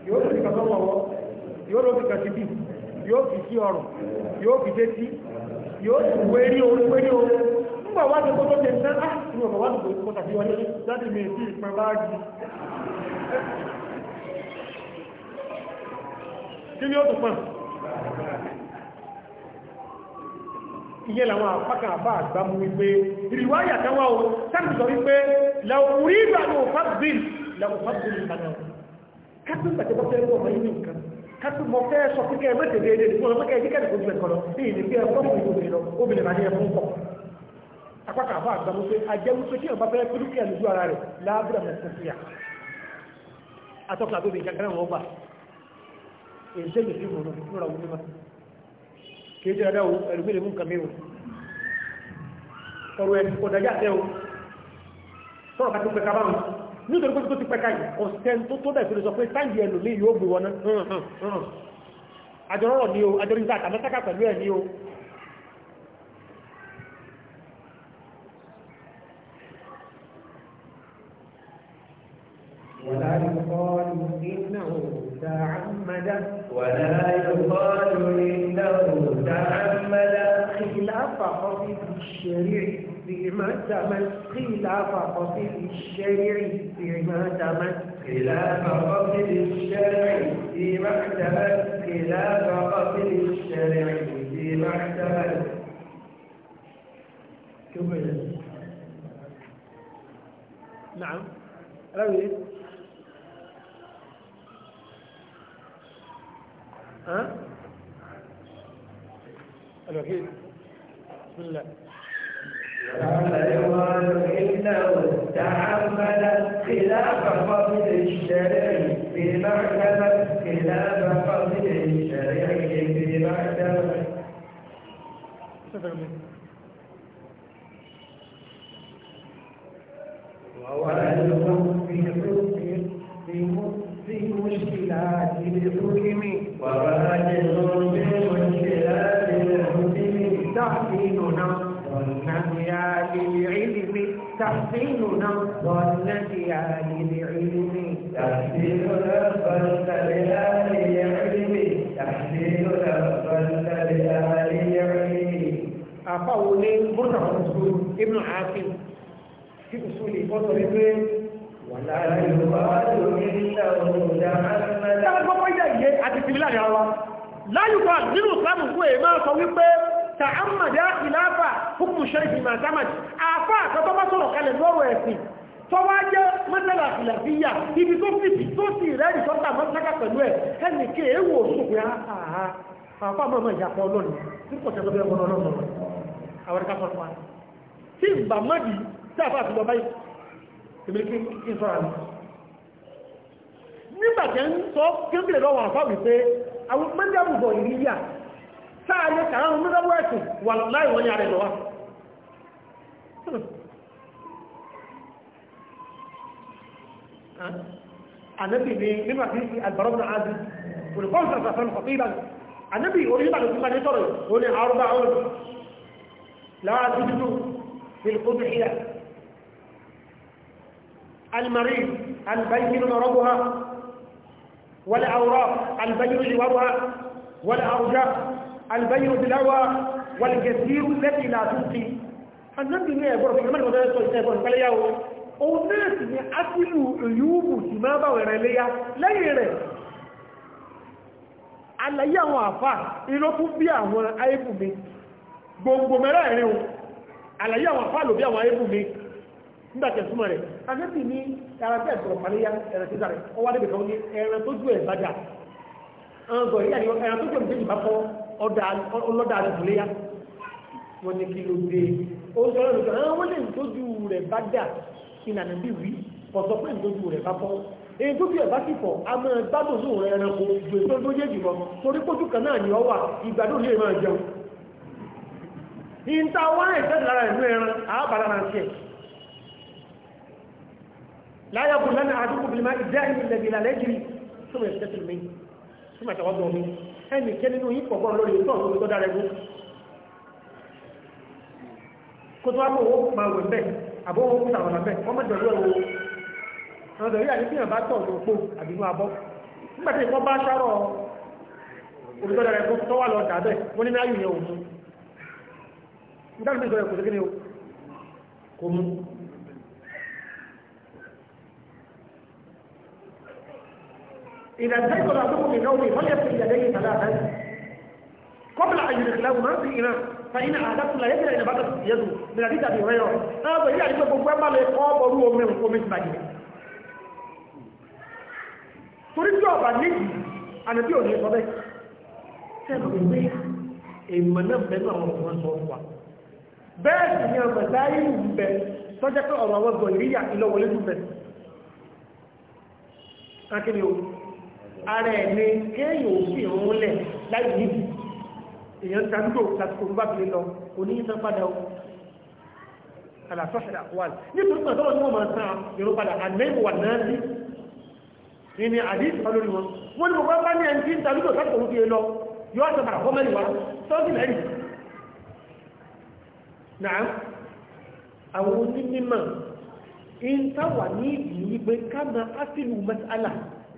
yóò rí kàtọ́mọ́ ọwọ́ yóò lóbi kàtìbì yóò fi sí ọrùn yóò fi dé sí yóò sì wé ní orí wé ní orí nígbà wá ti kó tó tẹ̀sán á ní ọ̀gá wá ti kó tàbí wọlé láti mi sí ìpín báàgì kí ni ó tó pọ̀ ìyẹ́ làwọn àpákan àbá àgbàmú wípé ìrìwáyà tánwà o sáàbì sọ wípé làwùrí ìlú àwọn òfàbìl làwùfàbìl ìlànà kátún pàtẹ́bọ́tẹ́ ẹgbẹ́ ọmọ yìí nìkan kátún mọ fẹ́ sọ pé kẹ́ẹ̀ mẹ́tẹ̀ẹ́ e déédéé nìkan ọmọ kẹ́ẹ̀ jíkẹ́ nìkan jùlẹ̀ kọlọ ní ìní pé ẹ̀kọ́ mi ò lọ obìnrin máa ní èyí tẹ́jẹ̀ sí ìrònú lọ́ra ogun mímọ́ kìí jẹ́ dáadáa ẹlùmí lè mú nǹkan o ọ̀rọ̀ ẹ̀sùn kò dájá tẹ́ o sọ́rọ̀ ká tó pẹ̀ka báwọn nítorí pé tó ti pẹ̀ka yìí ọ̀sẹ̀ tó tó bẹ̀ sọ pé táǹdì ẹlùmí yóò gbé wọn náà àjọrọ̀ ni o àjọrí ìzà àtàmẹ́sàkà pẹ̀lú ẹ̀ ni o wọ̀lá ìfọ́ ìfínà òun تعمدا ولا يقال إنه تعمدا خلاف قصد الشريع بما تمت خلاف قصد الشريع بما تمت خلاف قصد الشريع بما تمت خلاف قصد الشريع بما تمت نعم رأيت ها الوكيل بسم الله فالعوان إنه تعمل خلاف قصد الشرع في المحكمة خلاف قصد الشرع في محكمة وهو الحكم في حكم في بالمشكلات للحكم وبادر بالمشكلات للحكم تحسيننا والنبيا للعلم تحسيننا والنبيا للعلم تحسيننا والنبيا للعلم تحسيننا والنبيا للعلم أقول مرتضى ابن عاصم في أصول فضل Tẹ́lẹ̀kọ́kọ́ ìjà ìyé àti ìfìlà ní ara wa. Láyùkọ́ nínú ìsìlámù fún èèmọ́ sọ wípé tààmàdá ìlàáfà fúkùn ṣẹ́rìkì máa dámàdì. Àfá àkọ́tọ́ bá sọ̀rọ̀ kalẹ̀ lọ́rọ̀ ẹ̀sìn tó wá jẹ́ mọ́sálà ìlàfíyà ibi tó fìtì tó sì rẹ́rì sọ́tà mọ́sáká pẹ̀lú ẹ̀ ẹnì kéèwò sókè àhà àfá mọ́mọ́ ìyàpọ̀ ọlọ́run tí kò tẹ́lọ́ bẹ́ẹ̀ ọlọ́run àwọn ẹ̀ká sọ́tà tí ìbàmọ́dì tí àfá àti lọ báyìí ìbìlìkí kí sọ́ra ní nígbàtẹ́ ń sọ kéńbìlì lọ́wọ́ àfá wípé àwọn mẹ́lẹ́bùbọ̀ ìrìyà sáàrẹ kàrán mẹ́lẹ́bù ẹ̀sùn wà láì wọ́n yà rẹ̀ lọ́wọ́ ànábì ní nígbàtí àgbàrọ́bùn àádìí olùkọ́sùn àfẹ́fẹ́ kọ̀kọ́ ìbàdì ànábì orí ìbàdì tó bá ní tọ́rọ̀ ó ní àrùbá àwọn láwá dúdú المريض البين مرضها والأوراق البين جوابها والأرجاء البين بلوى والكثير التي لا تبقي النبي ما يقول في المرض هذا يقول قال يا الناس يأكلوا عيوب سمابة ورلية لا يري àlàyé àwọn àfà inú fún bí àwọn ayébùnmi gbogbo mẹ́rẹ̀ ẹ̀rin àlàyé àwọn àfà lò bí àwọn ayébùnmi nígbàtẹ̀ súnmọ̀ rẹ̀ agbẹ́bì ní ẹran tẹ́ sọ̀rọ̀ pàlẹ́yà ẹran títà rẹ̀ ọwá débẹ̀ ní ẹran tó ju ẹ̀bájà ọgọ̀ ìyá ni ẹran tó jẹ́ ìbá kọ́ ọlọ́dà àdìgbòléyà wọ́n ní kí ló dé ó sọ lọ́dọ̀ kan àwọn lè tójú rẹ̀ bá dà kí nàní bí wí ọ̀sọ̀ pé ìtójú rẹ̀ bá fọ́ èyí tó bí ẹ̀bá sì fọ̀ a máa gbádùn ní òun ẹran kò ju èso tó yé jùlọ torí pójú kan náà ni ọ wà ìgbàdo lè máa jẹun ìta wọ́n rẹ̀ ìtẹ́jú lára ìlú ẹran àábàlára ń tiẹ̀ لا يقول لنا أحدكم بالماء الدائم الذي لا يجري ثم يستتر منه ثم يتوضأ منه ẹnì kẹ́ni ní yípo bọ́ọ̀ lórí ìtọ́ òun tó dára ẹgbẹ́ kó tó wápò owó máa wẹ̀ bẹ́ẹ̀ àbọ̀ owó kúta àwọn abẹ́ wọ́n mẹ́jọ lọ́wọ́ àwọn ọ̀dọ̀ yíyà ní fíyàn bá tọ̀ ní òpó àbínú abọ́ nígbàtí wọ́n bá ṣárọ̀ òun tó dára ẹgbẹ́ tó wà lọ dà bẹ́ẹ̀ wọ́n ní إذا استيقظ أحدكم من نومه فليغسل يديه ثلاثا قبل أن يدخلهما في إناء فإن أحدكم لا يدري أين بدأت يده من حديث أبي هريرة هذا يعني gbogbo ẹ̀ máa lè kọ́ ọ̀rú omi nǹkan omi ìgbàgbé torí tí ọba níbi ànàbí òní sọ bẹ́ẹ̀ sẹ́nu ìwé èèmọ̀ náà bẹ́ẹ̀ náà wọ́n wọ́n sọ wà bẹ́ẹ̀ sì ni ọmọ ìdáyé ń bẹ tọ́jẹ́ pé ọ̀rọ̀ àwọn ọgbọ̀n ìríyà ìlọ́wọlé ń bẹ ara ẹ̀mí kéèyàn ò fi ìrún lẹ̀ láì níbi èèyàn tàbíkò lásìkò bá fi lọ oníyíṣẹ́ padà ó àlàfẹ́ṣẹ̀dà wà nítorí pẹ̀lú wọn máa tán ìrún padà àmẹ́bù wà náà sí ìní ni mo bá bá ní ẹni tí ń tàbíkò lásìkò ó fi lọ yóò sọ padà fọ́mẹ́lì wa sọ́ọ̀sì lẹ́yìn náà àwọn onímọ̀ ìntàwà ní ìdí wípé ká máa mẹ́sàlá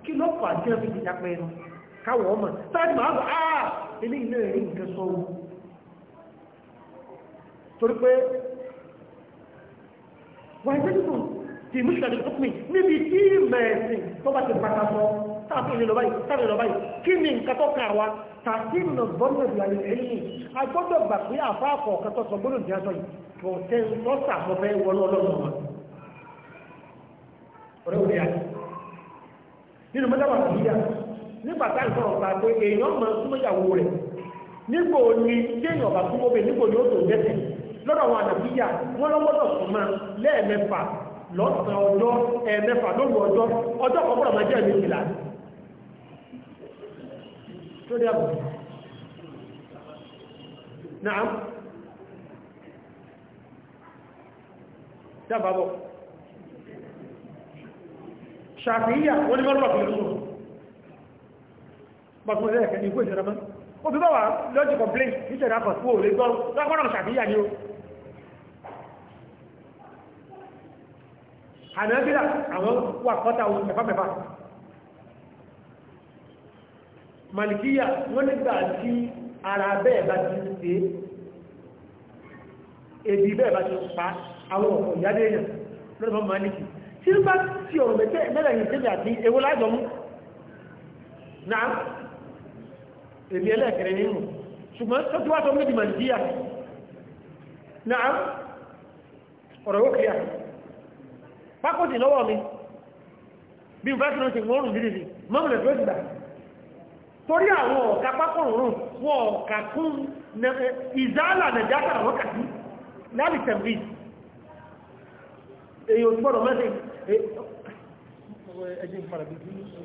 kí ló fà tí wọ́n fi jápẹ́ ẹnu káwọ̀ ọmọ táàdì máa bọ̀ áà ilé ilé rẹ̀ nǹkan sọ ohun torí pé wọ́n ẹgbẹ́ tuntun ti mú ìṣẹ̀lẹ̀ tó pin níbi tí mẹ̀ẹ̀sìn tó bá ti bàtà sọ táàbí ilé ń tọ́sà mọ́ fẹ́ wọlé ọ̀rẹ́ òde àti nínú mọ́tàbà nàìjíríà nígbà tá à ń sọ̀rọ̀ pa pé èèyàn máa súnmọ́ ìyàwó rẹ̀ nígbò ni téèyàn bá súnmọ́ bẹ́ẹ̀ nígbò ni ó tó dẹ́sẹ̀ lọ́dọ̀ àwọn ànàbíyà wọ́n lọ́wọ́dọ̀ súnmọ́ lẹ́ẹ̀mẹ́fà lọ́sàn ọjọ́ ẹ̀ẹ̀mẹ́fà lóru ọjọ́ ọjọ́ kọ̀ọ̀kan máa jẹ́ ẹ̀mẹ́fìlà tó dẹ́ àbọ̀ náà dábàá ṣàfihíyà wọ́n ni mọ́rọ̀ pẹ̀lú sọ bọ́sùn ẹ̀rẹ́ ẹ̀kẹ́ ní ikú ìṣẹ́ra mọ́ o bí bọ́wà lọ́jì complain ní ṣẹ̀dá kan fún òòlé gbọ́rùn lọ́pọ̀nà ṣàfihíyà ni o ànábílà àwọn wà kọ́ta ohun mẹ́fà mẹ́fà malikiya wọ́n nígbà tí ara bẹ́ẹ̀ bá ti ṣe ebi bẹ́ẹ̀ bá ti pa àwọn ọ̀pọ̀ ìyá tí ó bá ti ọ̀rọ̀ mẹ́tẹ́ mẹ́rẹ̀ yìí tẹ́lẹ̀ àti ewu lájọ mú náà èmi ẹlẹ́ẹ̀kẹ́rẹ́ nínú ṣùgbọ́n tó tí wá sọ méjì màndíyà náà ọ̀rọ̀ ó kíyà pákòtì lọ́wọ́ mi bí n fásitì ti wọ́n rùn dídì sí mọ́mùlẹ̀ tó gbà torí àwọn ọ̀ka pákòrùn wọn ọ̀ka kún ìzálà nàìjáta àwọn kàtí láti tẹ̀mí èyí ò gbọ́dọ̀ mẹ́sẹ̀ ẹjẹ́ ìfàdà bí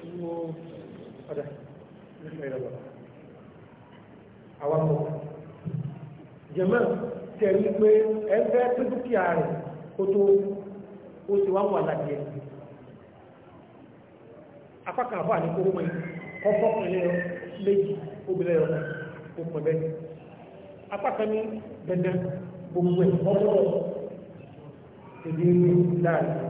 i mọ́ ọ̀dá nípa ìrọ̀lọ́ àwọn ọmọ jẹ́mọ́ tẹ̀rí pé ẹgbẹ́ tó dúkìá rẹ̀ kó tó ó ti wá wà láti ẹ̀ apákan àbọ̀ àní kó mọ́ kọ́kọ́ pẹ̀lẹ́ méjì obìnrin ọ̀rọ̀ ó pọ̀ bẹ́ẹ̀ apákan ní dandan gbogbo ẹ̀ ọgbọ́n èdè láàrin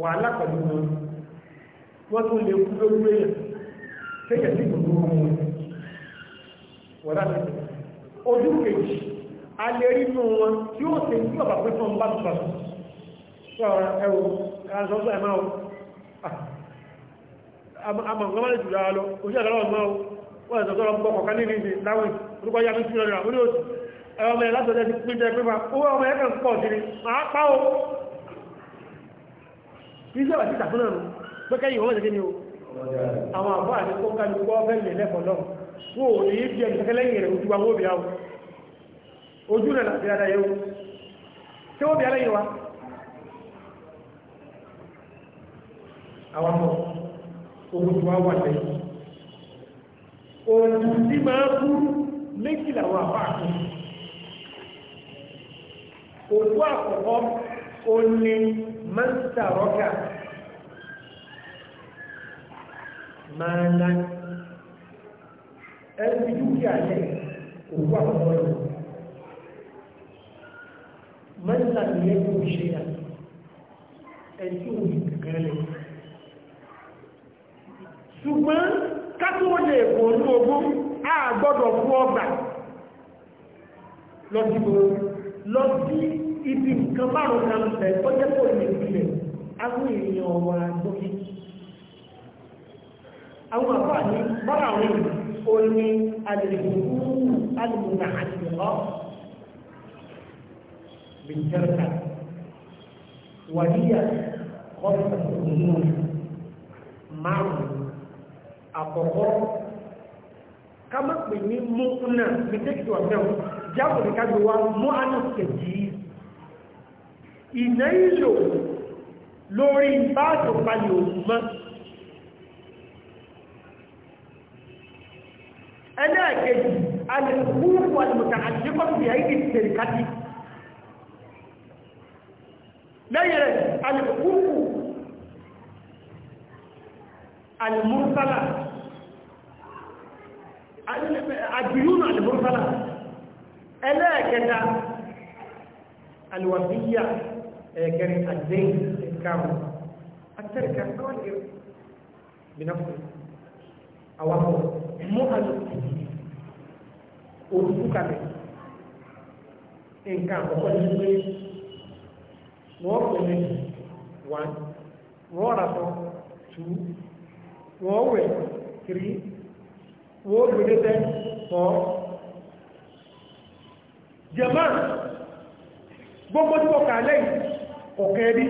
wàhálà pẹ̀lú wọn wọ́n tún lè kú lórí èèyàn tẹ́yẹ̀ sí gbogbo wọn wọ́n láti ojú kejì a lè rí inú wọn tí ó tẹ̀ ah. sí bàbá pé fún bá bàbá sọ ẹwọ kàzọ́sọ́ ẹ̀má o àmọ̀gbọ́n jùlọ alọ́ ojú àdọ́lọ́ ọmọ o wọ́n ẹ̀sọ́ tọ́lọ gbọ́kọ̀ kan nínú ìdí láwìn orúkọ yá ní 200 orí òtù ẹwọ mẹ́rin látọ̀jẹ́ ti pín jẹ́ pé wọ́n ọmọ ẹ̀kẹ́ ń pọ̀ sí ni máa pa o iṣẹ́ wà sí ìtàkùn náà nù pé kẹ́yìn wọ́n mẹ́sẹ̀kẹ́ ni o àwọn àbọ̀ àti kọ́kà ní kọ́ fẹ́lẹ̀ lẹ́kọ̀ọ́ náà wọ́n ò ní fi ẹni kẹ́kẹ́ lẹ́yìn rẹ̀ ojú wa wọ́n bí àwọn ojú rẹ̀ láti dáadáa yẹ̀wò tí wọ́n bí alẹ́yìn wa àwọn ọmọ ogun tí wọ́n wà lẹ́yìn òòrùn tí máa kú méjìlá wà bá àkùn òòrùn àkọ́kọ́ ó ní mọ́ńtà máa ná ẹni dúkìá lẹ òkú àkọ́kọ́ lọ mẹ́ta ni ẹ kò ṣe yà ẹni tí òun kẹ̀kẹ́ lẹ ṣùgbọ́n kátó lè kò ní ogún a gbọ́dọ̀ fún ọgbà lọ sí gbogbo lọ sí ibi nǹkan márùn-ún kan tẹ̀ tọ́jẹ́ kò ní ìpìlẹ̀ àwọn èèyàn wà àwọn àbá ní bọ́lá àwọn èèyàn ó ní alùpùpù alùpùpù àtìlọ́ bìtẹ́rẹ́ta wàdíyà kọ́ńtà òmùmù márùn-ún àkọ́kọ́ kama pè ní mọ́kúnnà mẹ́tẹ́kì wà mẹ́wọ̀ jáwọ̀ ní kájú wa mọ́ ánà kẹjì ìnáyìlò lórí báàtò palẹ̀ òun mọ́ أنا أجد الحقوق المتعلقة بهذه الشركة دائرة الحقوق المرسلة الديون المرسلة ألا كذا الوفية كانت الدين الكامل الشركة أولئك بنفسه أولئك mọ́hàlù òdùkú kalẹ̀ nǹkan àkọ́kọ́ ní pé wọ́n pè ní one wọ́n rà tán two wọ́n wẹ̀ three wọ́n gbèdé tẹ́ four jẹ̀má gbogbo tí wọ́n kà lẹ́yìn ọ̀kẹ́ bí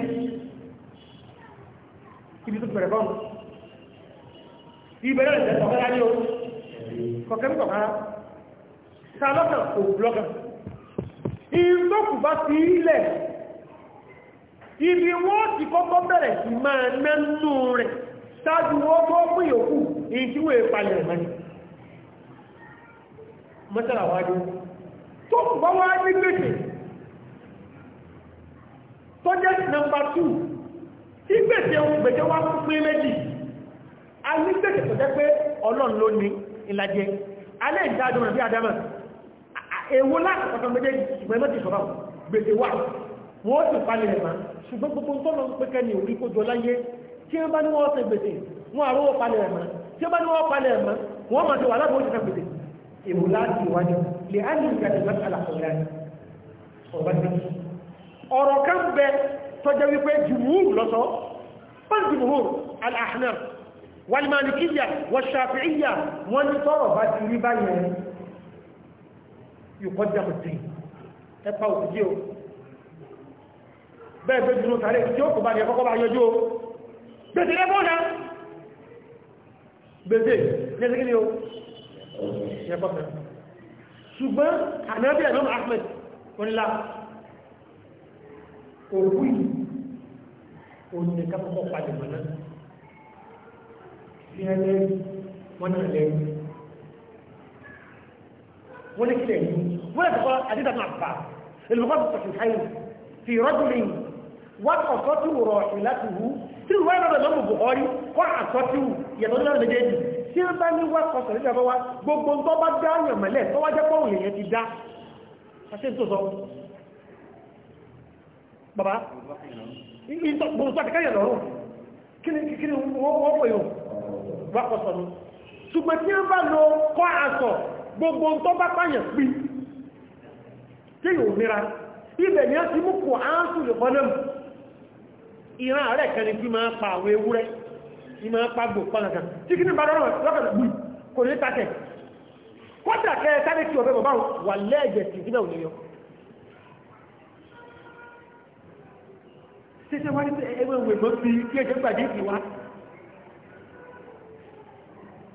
ibi tó pẹ̀rẹ̀ bọ́ọ̀lù ìbẹ̀rẹ̀ ìtẹ̀sọ̀kẹ́lá ní o kọ̀kẹ́mí kọ̀kára ta lọ́kàn kò blọ́kàn ìrìnlọ́kù bá ti ilẹ̀ ibi wọ́n ti kọ́kọ́ bẹ̀rẹ̀ sí máa nánú rẹ̀ sáájú wọ́n tó fún ìyókù ìjíwò ìpalẹ̀ mẹ́ni mọ́sára wájú tó kù bá wá ní gbèsè tó jẹ́ nọmbà 2 tí gbèsè ohun gbèsè wá fún pé méjì a ní gbèsè ìlàjẹ́ alẹ́ ìdájọ́ rẹ̀ bí adama èwo láti ọ̀tọ̀ méjèèjì ṣùgbọ́n mẹ́tì sọ̀rọ̀ gbèsè wà wọ́n sì palẹ̀ ẹ̀mà ṣùgbọ́n gbogbo tọ́lọ ń pẹ́kẹ́ ní orí kójọ láyé tí wọ́n bá ní wọ́n ṣe gbèsè wọ́n àrówó palẹ̀ ẹ̀mà tí wọ́n bá ní wọ́n palẹ̀ ẹ̀mà wọ́n máa ṣe wà lábọ̀ òṣìṣẹ́ gbèsè èwo láti ìwájú lè wàlìmàlìkíyà wàṣàfíìyà wọ́n ní tọ́rọ̀ bá ti rí báyẹn yóò kọjá kò tí ẹpa òkújí o bẹ́ẹ̀ tó jùlọ tààrẹ tí ó kò bá ní ẹkọ́kọ́ bá yọjú o gbèsè lẹ́gbọ́nà gbèsè lẹ́sẹ̀ kíni o ṣùgbọ́n ànábì ولكن ولا تقرا حديثا مع بعض المغضب في الحين في رجل وقفت راحلته في وانا بلم بخاري وقفت يدور على جدي سير وقفت رجع بوا بوبو تو با دانيا ملي تو لي يتي دا عشان تو زو بابا انت بوصاتك يا نورو كني كني هو يوم ìbákọ̀sọ̀ ni ṣùgbọ́n tí wọ́n bá lọ kọ́ àṣọ gbogbo tó bá pààyàn pí tí yóò nira ibẹ̀ ni a ti mú kò áńsù lè kọ́ lẹ́mù ìran ààrẹ kan ni fi máa pa àwọn ewúrẹ́ ní máa pa gbò pọ́nàkan tí kí ní bá rọrùn lọ́kàtà gbì kò ní tàkẹ̀ kọ́tà kẹ́ sáré kí ọ̀fẹ́ bàbá wà lẹ́ẹ̀jẹ̀ sí ìdíbẹ̀ òní yọ ṣe ṣe wá ní ẹgbẹ́ ìwé mọ́ kí ẹjẹ́ gbàdé ìwá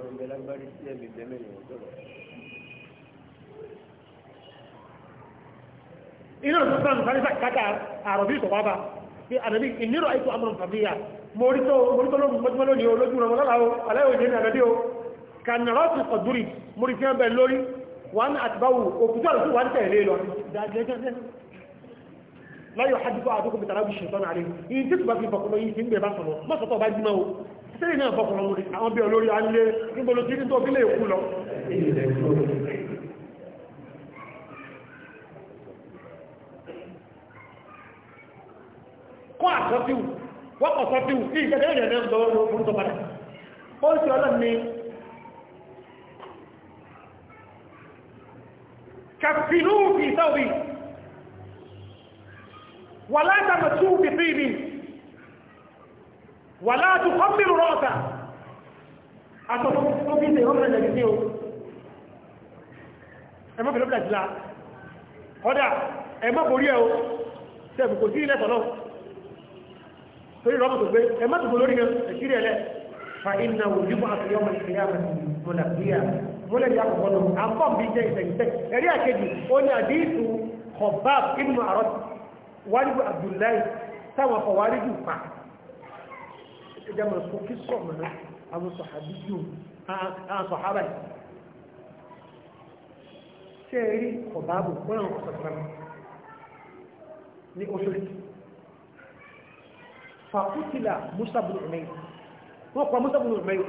ọ̀rọ̀ ìgbẹ́ lágbárí sí ẹ̀mí bẹ́ẹ̀ mẹ́rin ọjọ́ rẹ̀. inú ọ̀sán sọ́nà sáré sàkátà àròbí ìsọ̀kọ́ bá pé àdàbí ìnírò àìtó àmọ̀ràn tàbíyà morito morito lóògùn mọ́júmọ́ lónìí o lójú rẹ̀ lọ́la o aláyò ìjẹ́ ní àdàbí o kànàrọ́ọ̀sì ọ̀dúrì morito ẹ̀bẹ̀ lórí wọn àtibáwò òkúta àrùsù wà tẹ̀lé lọ láyò hajjúkọ́ àdúgbò tẹ́lẹ̀ náà fọ́kùnrin lórí àwọn bí olórí alẹ́ nígbòlò tí tó fílẹ̀ èkú lọ kọ́ àkọ́fíù wọ́pọ̀ sọ́fíù kí ìgbẹ̀rẹ̀ ìrẹ̀lẹ́ lọ́wọ́ fún tó padà ó sì ọlọ́ni kàfìlú ìsáwì wà látàmà túbì fíìmì wà láàtù kọ́mìlù rọ́ọ̀tà àtọ́fọ́ tó bí ṣe rọ́mìnà lẹ́gbẹ̀ẹ́ ní o ẹmọ́ pẹ̀lú bẹ̀rẹ̀ sílá kọ́dà ẹmọ́ borí ẹ o sẹ́fù kò sí ilẹ̀ tọ̀nà torí rọ́mù tó gbé ẹmọ́ tó lórí ẹ ẹ̀kírí ẹlẹ́ fa iná òjúbọ̀ àtúnyọ́mọ̀ ìfìyàmọ̀ mọ̀làbíyà mọ́lẹ̀ yà kọ̀kọ́ lọ àpọ̀ bí jẹ́ ìfẹ̀yìntẹ́ ẹjá máa sọ kí sọ̀mọ̀ náà àwọn sọ̀hábí yóò àwọn sọ̀hábà yìí ṣe é rí ọ̀báàbò wọ́n náà sọ̀tàn ní oṣooṣù fàkútìlà Musa bin Umayr wọ́n pa Musa bin Umayr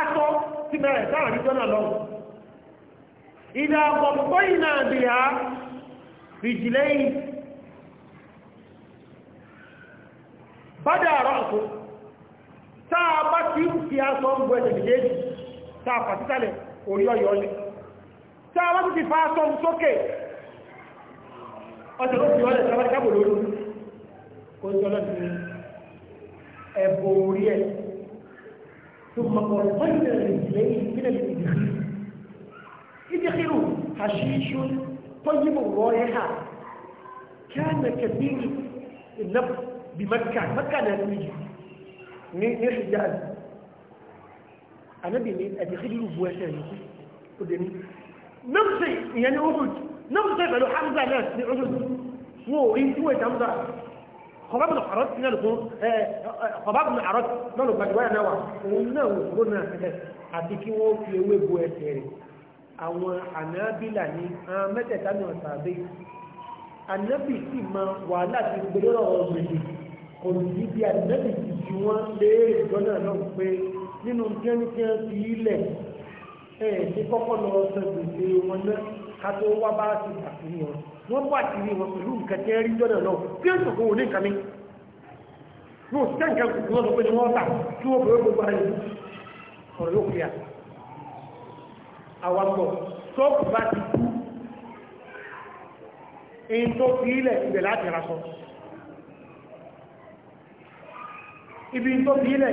aṣọ ti mẹ́rẹ̀ sáà rí lọ ìdá ọ̀pọ̀ ìnà àbìyà rìjìlẹ́yìn bádà àrọ̀ ọ̀tún táa bá tí ń fi aṣọ ń gbẹ̀lẹ̀ méjèèjì táa pàtítàlẹ̀ orí ọ̀yọ́ fa ẹ̀bọ̀ orí ẹ̀ ثم قربنا رجليه من الإدخيل إدخلوا حشيش طيب الرائحة كان كثير النفس بمكة مكة أنا نيجي نيجي جاز أنا بني أدخل بواساني قدامي نفسي يعني أحد نفسي بلو حمزة ناس لأحد مو إنتوا إيه، حمزة خباب بن حرات نال كون خباب بن حرات نال بدوا نوا ونا ونا àti kí wọ́n fi ewé bo ẹsẹ̀ rẹ̀ àwọn ànábìlà ní àwọn mẹ́tẹ̀ẹ̀ta náà tàbí ànábì sì mọ wàhálà ti gbẹdọ́ ọ̀rọ̀ gbèdè kò ní bí ànábì sì ju wọ́n léèrè jọ́nà náà pé nínú wọ́n bá ti rí wọn pẹ̀lú nǹkan tí ẹrí jọ́nà náà kí ẹ̀sùn kò ní nǹkan mi ní òṣìṣẹ́ nǹkan kò wọ́n sọ pé ní wọ́n tà kí wọ́n fẹ́rẹ́ gbogbo ara yìí ọ̀rọ̀ yóò fi à àwọn àgbọ̀ ṣọ́ọ̀kù bá ti kú èyí tó fi ilẹ̀ ibẹ̀ láti ra sọ ibi tó fi ilẹ̀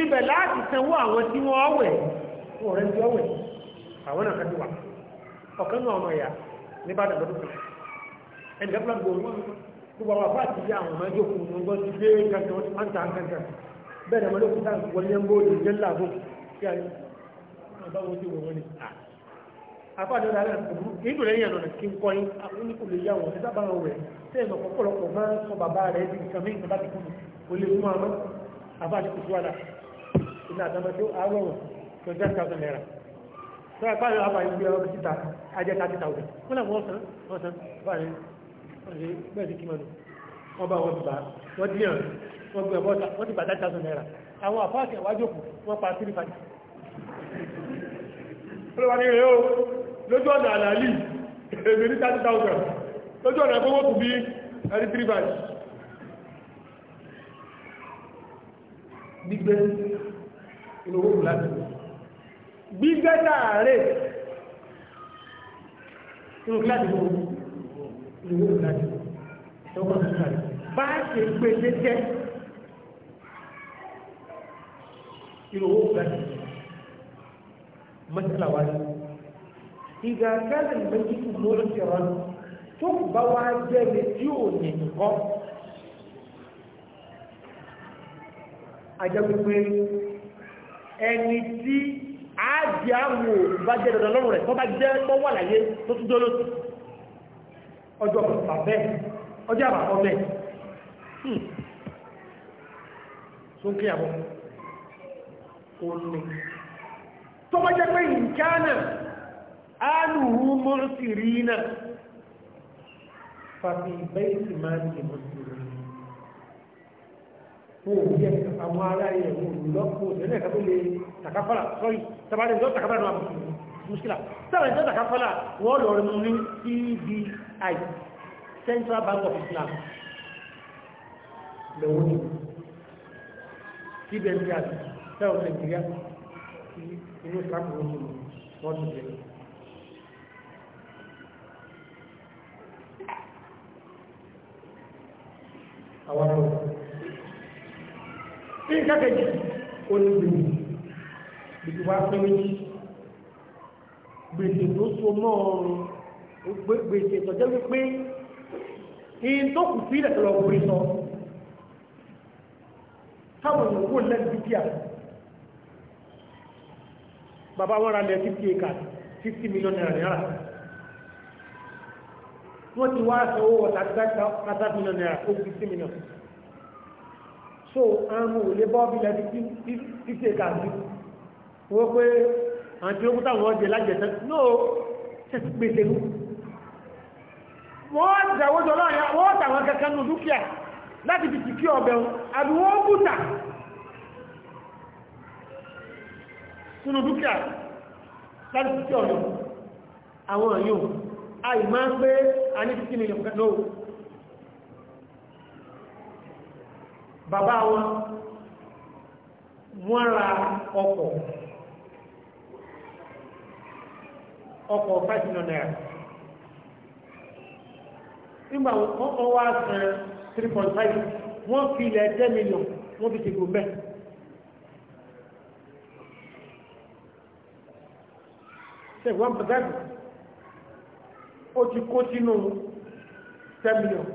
ibẹ̀ láti sanwó àwọn tí wọ́n wẹ̀ wọ́n rẹ̀ ń tí wẹ̀ àwọn náà ọ̀kan náà ọmọ ìyá ní bá dàgbàdo kan ẹni kẹfìlà gbòòrò gbogbo àwọn afá àti àwọn ọmọ ẹjọ́ kùn ún gbọ́n ti gbé kankan wọ́n ti máa ń ta kankan bẹ́ẹ̀ ni ọmọdé kùn sáà wọlé ń bóòlù jẹ́ láàbò kí a báwo ti wọ̀ wọ́n ni afá àti ọ̀dà àgbà nínú rẹ̀ yànnà kí n kọ́ yín àwọn oníkù lè yà wọ́n sábà wọn rẹ̀ tẹ́ ẹ̀nà pọ̀pọ̀lọpọ̀ máa ń sọ bàbá rẹ̀ di nǹkan mí nǹkan bá ti kú kò lè mú àmọ́ afá àti kùsù ọ̀sán ọ̀sán báyìí bẹ́ẹ̀ sí kí mọ́nu wọ́n bá wọn bá wọ́n díyàn wọ́n gbé ọ̀bọ̀ta wọ́n ti bàtà tàṣọ náírà àwọn àfáàkì àwájòkù wọ́n pa tírí fàájì olùwà ní rẹ̀ ó lójú ọ̀nà àlàálì èmì ní 30,000 lójú ọ̀nà agbówó kù bí ẹni tírí fàájì gbígbé inúwó kù láti gbígbé láàárẹ̀ inú kíláàdì gbogbo ìwé ìlànà tọ́kọ̀ nípa rẹ̀ bá a ṣe gbé lẹ́jẹ́ ìrọ̀wọ́ ìlànà mọ́tàlá wa ni ìgbà kẹ́lẹ̀ méjì tó lórí ìrọ̀ tó bá wá jẹ́ mi tí ò ní nǹkan ajẹ́ pípé ẹni tí a jẹ́ àwọn òbí bá jẹ́ dandan lọ́rùn rẹ̀ tó bá jẹ́ tó wà láyé tó tún dólótì ọjọ́ bàbá bẹ́ẹ̀ ọjọ́ àbàkọ́ bẹ́ẹ̀ hmm. sókè àbọ̀ òní tó bá jẹ́ pé ìkánà alùhù mọ́sìrì náà fàfi bẹ́ẹ̀sì máa ń lè mọ́sìrì wọ́n ò yẹ àwọn ará ẹ̀wọ̀n lọ́pọ̀ òṣèlú ẹ̀ká tó lè tàkàfàrà sọ́yì tàbí lọ́ tàkàfàrà muskila sáwọn ẹ̀jẹ́ ìdàkàfọ́lá wọ́n lọ rẹ̀ mú ní CBI Central Bank of Islam lẹ́wọ́n ní CBN jazz sẹ́wọ̀n Nàìjíríà tí inú Islam ló ń lò wọ́n ti jẹ́ àwọn ọmọ ní ìkẹ́kẹ̀ẹ́ òní gbèrú gbèrú gbèsè tó so mọ́ ọrùn gbèsè tọ́jẹ́ wípé ìyìn tó kù sí ilẹ̀ tọ́lọ̀ òwe sọ táwọn èèyàn wò lẹ́nu dúkìá bàbá wọn ra lẹ̀ fifty acres fifty million naira naira wọ́n ti wá sọ owó ọ̀tà kátà million naira ó fifty million so àwọn olè bọ́ọ̀bì lẹ́nu fifty acres wọ́n pé àwọn tí ó kú táwọn ọjẹ́ lájẹ̀tẹ́ náà ṣẹ̀sì pèsè lú wọ́n dáwọ́jọ́ láàrin wọ́n tàwọn kankan nù dúkìá láti fi tìkí ọ̀bẹ̀ àbí wọ́n bùtà sínú dúkìá láti fi tìkí ọ̀bẹ̀ àwọn yóò àì máa ń pé a ní títí mílíọ̀n kan lóò bàbá wọn wọ́n ra ọkọ̀ ọkọ̀ five million naira nígbà ọkọ̀ wá san three wọ́n fi ilẹ̀ ten million wọ́n fi ṣègbò mẹ́ ṣe wọ́n percent ó ti kó sínú ten million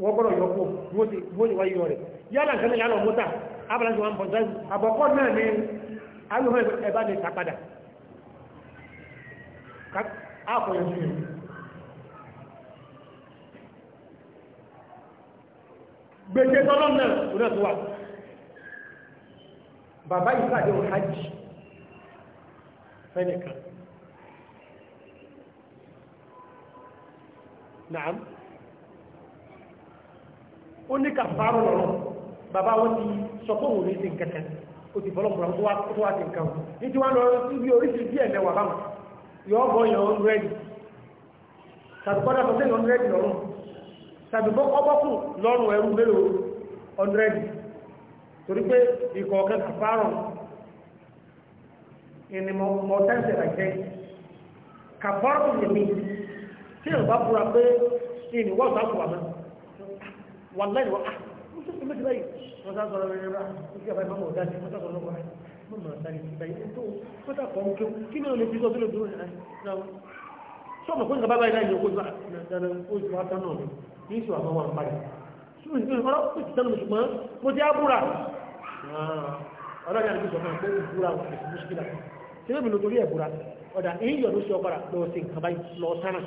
wọ́n gbọ́dọ̀ yọkọ̀ wọ́n ti wáyé yọ rẹ̀ yálà nǹkan náà yálà mọ́tà abalaji àbọ̀kọ́ náà ẹ̀bá a kò yanjú yẹn gbèsè tọ́lọ́ náà kò náà tó wà bàbá yìí pàdé ò hajj fẹ́nìkan naam ó ní kàfàárọ̀ lọ́rọ̀ bàbá wọ́n ti sọ pé òun ní Ti nǹkan kan ó ti bọ́lọ̀ mọ́ra tó wá sí nǹkan ní tí wọ́n lọ sí bí oríṣìí díẹ̀ mẹ́wàá báwọn yọ bọ́ yọ rẹ́dì tàbí kọ́dá tó sẹ́yìn ọ̀nrẹ́dì lọ́rùn tàbí bọ́kọ́bọ́kù lọ́rùn ẹrù mélòó ọ̀nrẹ́dì torí pé ikọ̀ ọ̀kẹ́ kàfárùn ìní mọ̀ tẹ́sẹ̀ àjẹ́ kàfárùn lèmi tí ìrùbá fura pé ìní wọ́n sá fún wa mọ́ wà lẹ́yìn wọ́n ah, á mọ̀ máa sáré sí báyìí tó kọ́tà kan kí ó kí ni ó lè fi sọ sílẹ̀ dúró náà sọ́mọ̀ fún ìgbà báyìí láyé okó ìgbàdàdà oṣù àtọ́ náà ní ìṣù àwọn àwọn àpàdé ṣùgbọ́n ìṣù ọ̀rọ̀ ó ti tẹ́lẹ̀ ṣùgbọ́n mo jẹ́ àbúrà ah, ọ̀rọ̀ ìyàrá ìṣọ̀kan pé ìbúra mùsùlùmí tí ó bìnú torí ẹ̀búra ọ̀dà ìyọ̀ ló ṣe ọkọ̀rà lọ sí nǹkan lọ sánà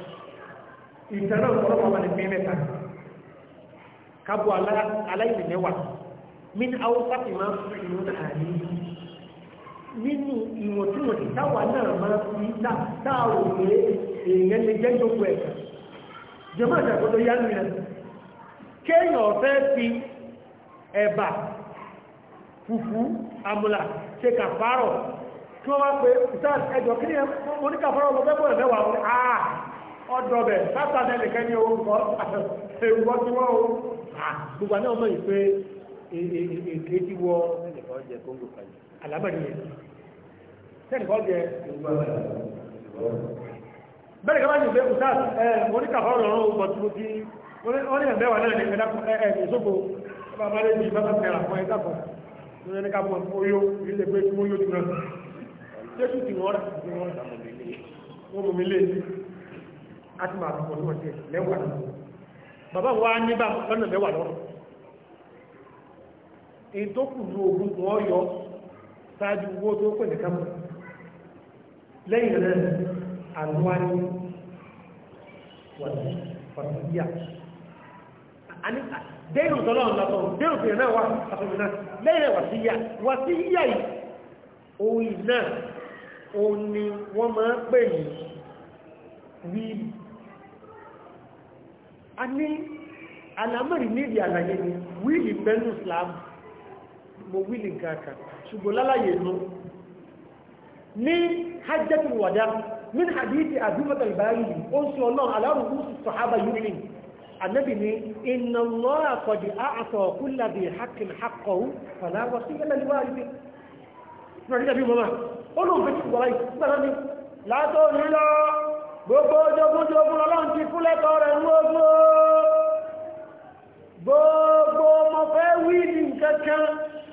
ìtẹ́lẹ̀ min awsati ma fi ìlú náà ní nínú ìwọ̀ntúnwọ̀ntí táwà náà máa fi táàwò pé èèyàn lè jẹ́ jókòó ẹ̀kà jẹmọ́ ìjàkọ́tọ̀ yá nìyàn kéèyàn ọ̀fẹ́ fi ẹ̀bà fùfú àmùlà ṣe kàfàárọ̀ kí wọ́n wá pé ìsáàtì ẹjọ́ kí ní kàfàárọ̀ lọ fẹ́bọ̀ ẹ̀fẹ́ wà ọdọ̀bẹ̀ látàdẹ̀ nìkan ní orúkọ ẹ̀rùkọ tí wọ́n ó gbogbo àná ọmọ ìpé èké tí wọ́n ẹnìkan jẹ kóńgò kalẹ̀ àlábẹ̀rẹ̀ yẹn tẹ́lẹ̀ kọ́ jẹ bẹ́ẹ̀ kọ́ bá jù pé usas oníkàfọ́ lọ́rọ̀ ọgbọ̀ tó ti wọ́n ní ẹ̀mẹ́wà náà ní ẹ̀dá ẹ̀ẹ́dẹ̀sógbò bá bá lé ní bábá mẹ́ra fún ẹ̀dá fún ní ẹni ká mọ̀ oyó ilé pé tí oyó jùlọ jésù ti wọ́n rà wọ́n mú mi lé àti máa bọ̀ tó wọ́n tiẹ̀ lẹ́wà bàbá wa ní bá lọ́nà mẹ́wà lọ́rọ̀ èyí tó kù lu ogun wọn yọ ṣáájú owó tó pè nìkan mọ̀ lẹ́yìn rẹ̀ àlùwárí wàtíyà dẹ́rù tọ́lọ́ ọ̀lọ́tọ̀ dẹ́rù tẹ̀yẹ̀ náà wà àtọ́jú náà lẹ́yìn rẹ̀ wàtíyà wàtíyà yìí òun náà òun ni wọ́n máa pè ní wíìlì a ní alamọ́rin níbi àlàyé ni wíìlì pẹ̀lú Islam mo wí ní nǹkan kan ṣùgbọ́n lálàyé nu ní hajjatul wada min hadithi abubakar al-bari ó ń sọ ọlọ́run aláwọ̀ kúrúsù sọ̀hábà yìí ni annabi ni inna allaha qad a'ta kulla bi haqqin haqqahu fala wasiyya lil warith nori nabi mama olu fe ti wala yìí gbara ni la to ni gbogbo jogun fẹ́ wí ní nǹkan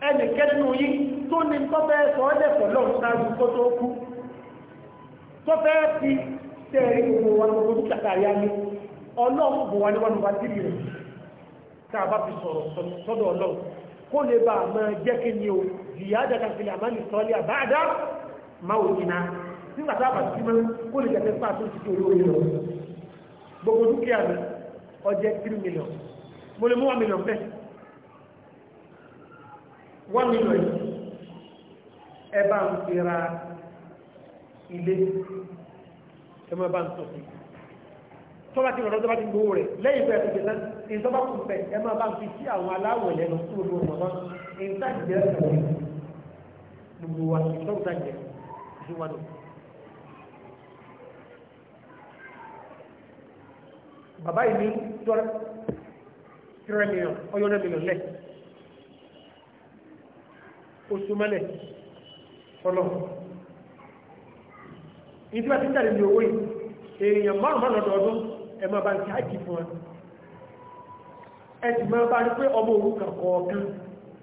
ẹnìkẹ́nu yí tó ní tọ́fẹ́ sọ ọ́dẹ̀ pẹ̀lú ọ̀sáàrù tó tó kú tọ́fẹ́ fi tẹ̀rí gbogbo wa gbogbo dúkàtà yá ní ọlọ́run bò wá níwájú wa dìbì rẹ̀ ká bá fi sọ̀rọ̀ sọ́dọ̀ ọlọ́run kó lè bá àmọ́ jẹ́ kí ni o ìyá dàda fi àmọ́ ní sọ́ọ́lì àbáàdá máa wò jìnnà nígbà tá a bá ti mọ́ kó lè jẹ́ pàtó ti ti one million ẹ bá ń fi ra ilé ẹ máa bá ń tọ̀ sí tó bá ti rọ̀ lọ́dọ́ bá ti gbowó rẹ̀ lẹ́yìn ìgbà ẹ̀sìn ìgbà ìjọba kù bẹ̀ ẹ máa bá ń fi sí àwọn aláwọ̀ lẹ́nu kúrò lórí ọmọ ìta jẹ́ ẹ̀sìn gbogbo wa ìtọ́wò tá jẹ́ ìṣúwádùn. bàbá yìí ní tọ́rẹ́ tírẹ́mìlíọ̀n ọyọ́nẹ́mìlíọ̀n lẹ́yìn osùmọ́lẹ̀ fọlọ́ ìdí wa ti tẹ̀lé ní owó yìí èèyàn márùn márùn ọdọọdún ẹ máa bá ń káàkì fún wa ẹ sì máa bá rí pé ọmọ òrukàn kọ̀ọ̀kan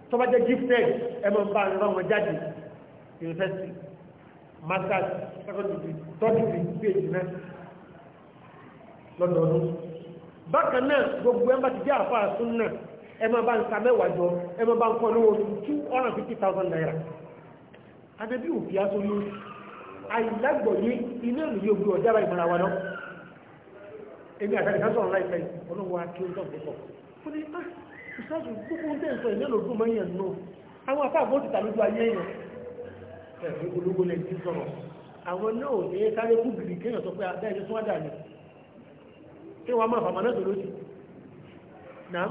tó bá jẹ́ gifted ẹ máa bá ń rán wọn jáde university masters secondary third degree phd náà lọ́dọọdún bákan náà gbogbo ẹ bá ti jẹ́ àfáà sún ẹ máa bá ń ka mẹ́wàá jọ ẹ bá ń kọ́ lówó two fifty thousand naira adébí òfin aṣọ ní àìlágbọ̀nyé ilé ìlú yóò gbé ọjà báyìí mọ́ra wa náà èmi àtàrí ká sọ̀rọ̀ láìpẹ́ ọlọ́wọ́ akéwọ́n tó pọ̀ ó ní ah ìṣáàtù gbogbo ń tẹ̀sọ̀ ilé lòdùn mọ́ èèyàn náà àwọn afáàbò ti tàlójú ayé èèyàn ẹ̀rí ológun lè ti sọ̀rọ̀ àwọn náà ò ní sáré kú gìrì kéèyàn sọ pé abẹ́ ah, ẹni tó wá ní kí wọ́n máa fàmà náà tó lójú náà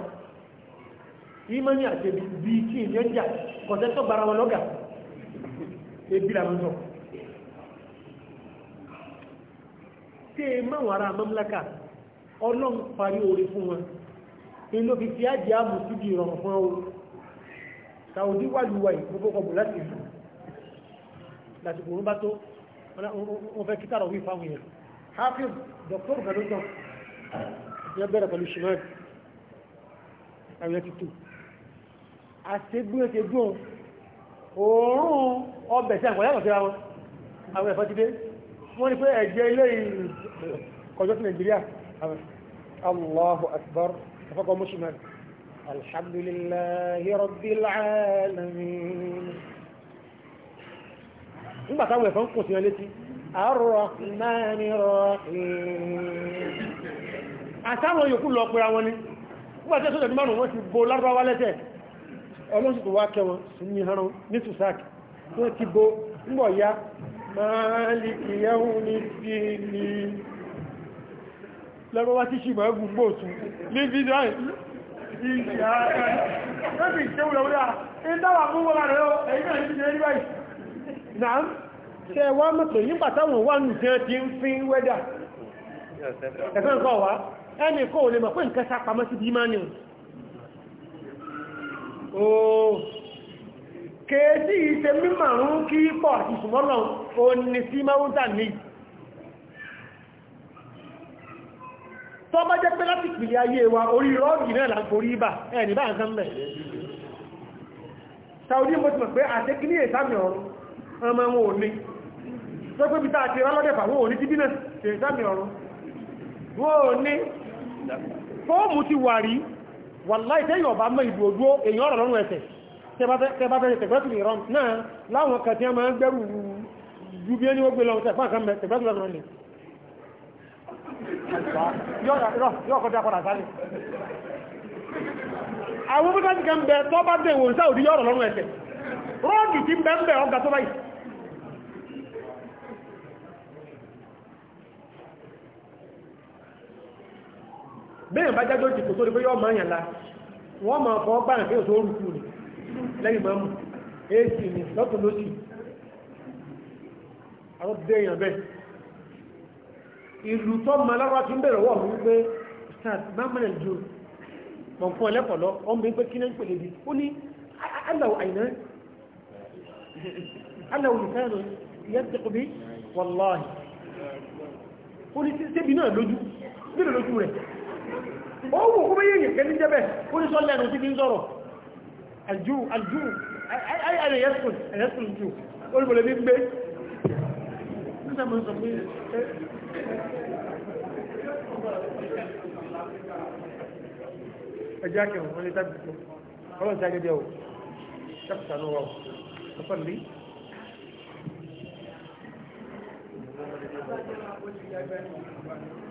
ìmọ̀ni àti ebi bí kí ní ẹjà kọ̀tẹ́tọ̀ gbara wọn lọ́gà ebi làwọn sọ tí e máwọn ará amọ́mláka ọlọ́n parí orí fún wọn inú fi fi ájì àmù síbi ìrọ̀rùn fún ọ sàúdí wà lùwà ìgbogbo kọbù láti ìlú lásìkò orún bá tó wọ́n fẹ́ kítàrọ̀ wí fáwọn èèyàn hafiz dr gadotan yẹ bẹ̀rẹ̀ pẹ̀lú shimad àwọn ẹ̀tìtò àṣegbúrò ṣe ọbẹ̀ sí àkọ̀lẹ́ àkọ̀síra wọn àwọn ẹ̀fọ́ ti dé wọ́n ni pé ẹ̀jẹ̀ ilé ìkọjọ́ sí Nàìjíríà Allahu Akbar afọ́kọ̀ mọ́ṣùmẹ́rin alhamdulillahi Rabbi alamin nígbà táwọn ẹ̀fọ́ ń kùn sí wọn létí arrahmani rahim àtàwọn yòókù lọ pera ọlọ́sùn tó wá kẹwọn sí ní ọ̀rọ̀ ní tùsáàkì tó ti bó ńgbọ̀ ya máàlìkì yẹ́hù ní sí ní lọ́rọ̀ wá tí ṣì máa gbóòtù ní fídíò ẹ̀fẹ́ wá ẹni kó lè mọ̀ pé sápamọ́ sí bí ooo kèèdì ìṣe mímọ̀rún kí pọ̀ ìṣùmọ́lọ̀ òní sí mọ́úntà ní tó bá jẹ́ pé láti pìlẹ̀ ayé wa orí rọ́ọ̀gì náà lágbórí ibà ẹni bá nǹkan mẹ́ Saudi mo ti mọ̀ pé àti kí ní ìsámi ọ̀run ọmọ wọn ò ní tó pé bíta àti rálọ́dẹ̀fà wọn ò ní tíbínà ìsámi ọ̀run wọn ò ní fóòmù ti wà rí wàláì tẹ́yìn ọba mọ́ ìbò dúó èyàn ọ̀rọ̀ lọ́rùn ẹsẹ̀ tẹbàtẹ́ tẹ̀gbẹ́tùlì ìrọm náà láwọn kan tí a máa ń gbẹ́rù ju bí ẹni ó gbé lọ tẹ̀gbọ́n kan mẹ́ tẹ̀gbẹ́tùlì ìrọm ni yóò kọjá padà sáré àwọn mọ́tàkì kan bẹ tọ́ bá dẹ̀wò sáà òdí yọ̀rọ̀ lọ́rùn ẹsẹ̀ rọ́ọ̀dì ti bẹ́ẹ̀ bẹ́ẹ̀ ọgbà tó báyìí bẹ́yàn bá jájọ́ jù kò tó rí pé yọ́ máa yàn la wọ́n máa fọ́ báyàn bí òṣò orúkú rẹ̀ lẹ́yìn máa èsì ni lọ́tún lóṣì bẹ́ẹ̀ ìlú tó máa lára fi ń bẹ̀rẹ̀ wọ̀ mú pé ju ọmọ kí ní ó ní aláwọ̀ àìná ó wù kó bẹ́ yẹ̀yẹ̀ kẹ́ ní jẹ́ bẹ́ẹ̀ ó ní sọ́lẹ̀ ẹ̀rùn títí ń sọ̀rọ̀ aljú aljú ayẹyẹ yẹ́sùn ẹ̀yẹ́sùn jù ó ní bọ̀lẹ̀ bí gbé ẹjá kẹwọn wọn lè tàbí tó ọlọ́run tí a gẹ́gẹ́ o ṣẹ́pùtà ló wà ó ọ̀pọ̀ lè Thank you.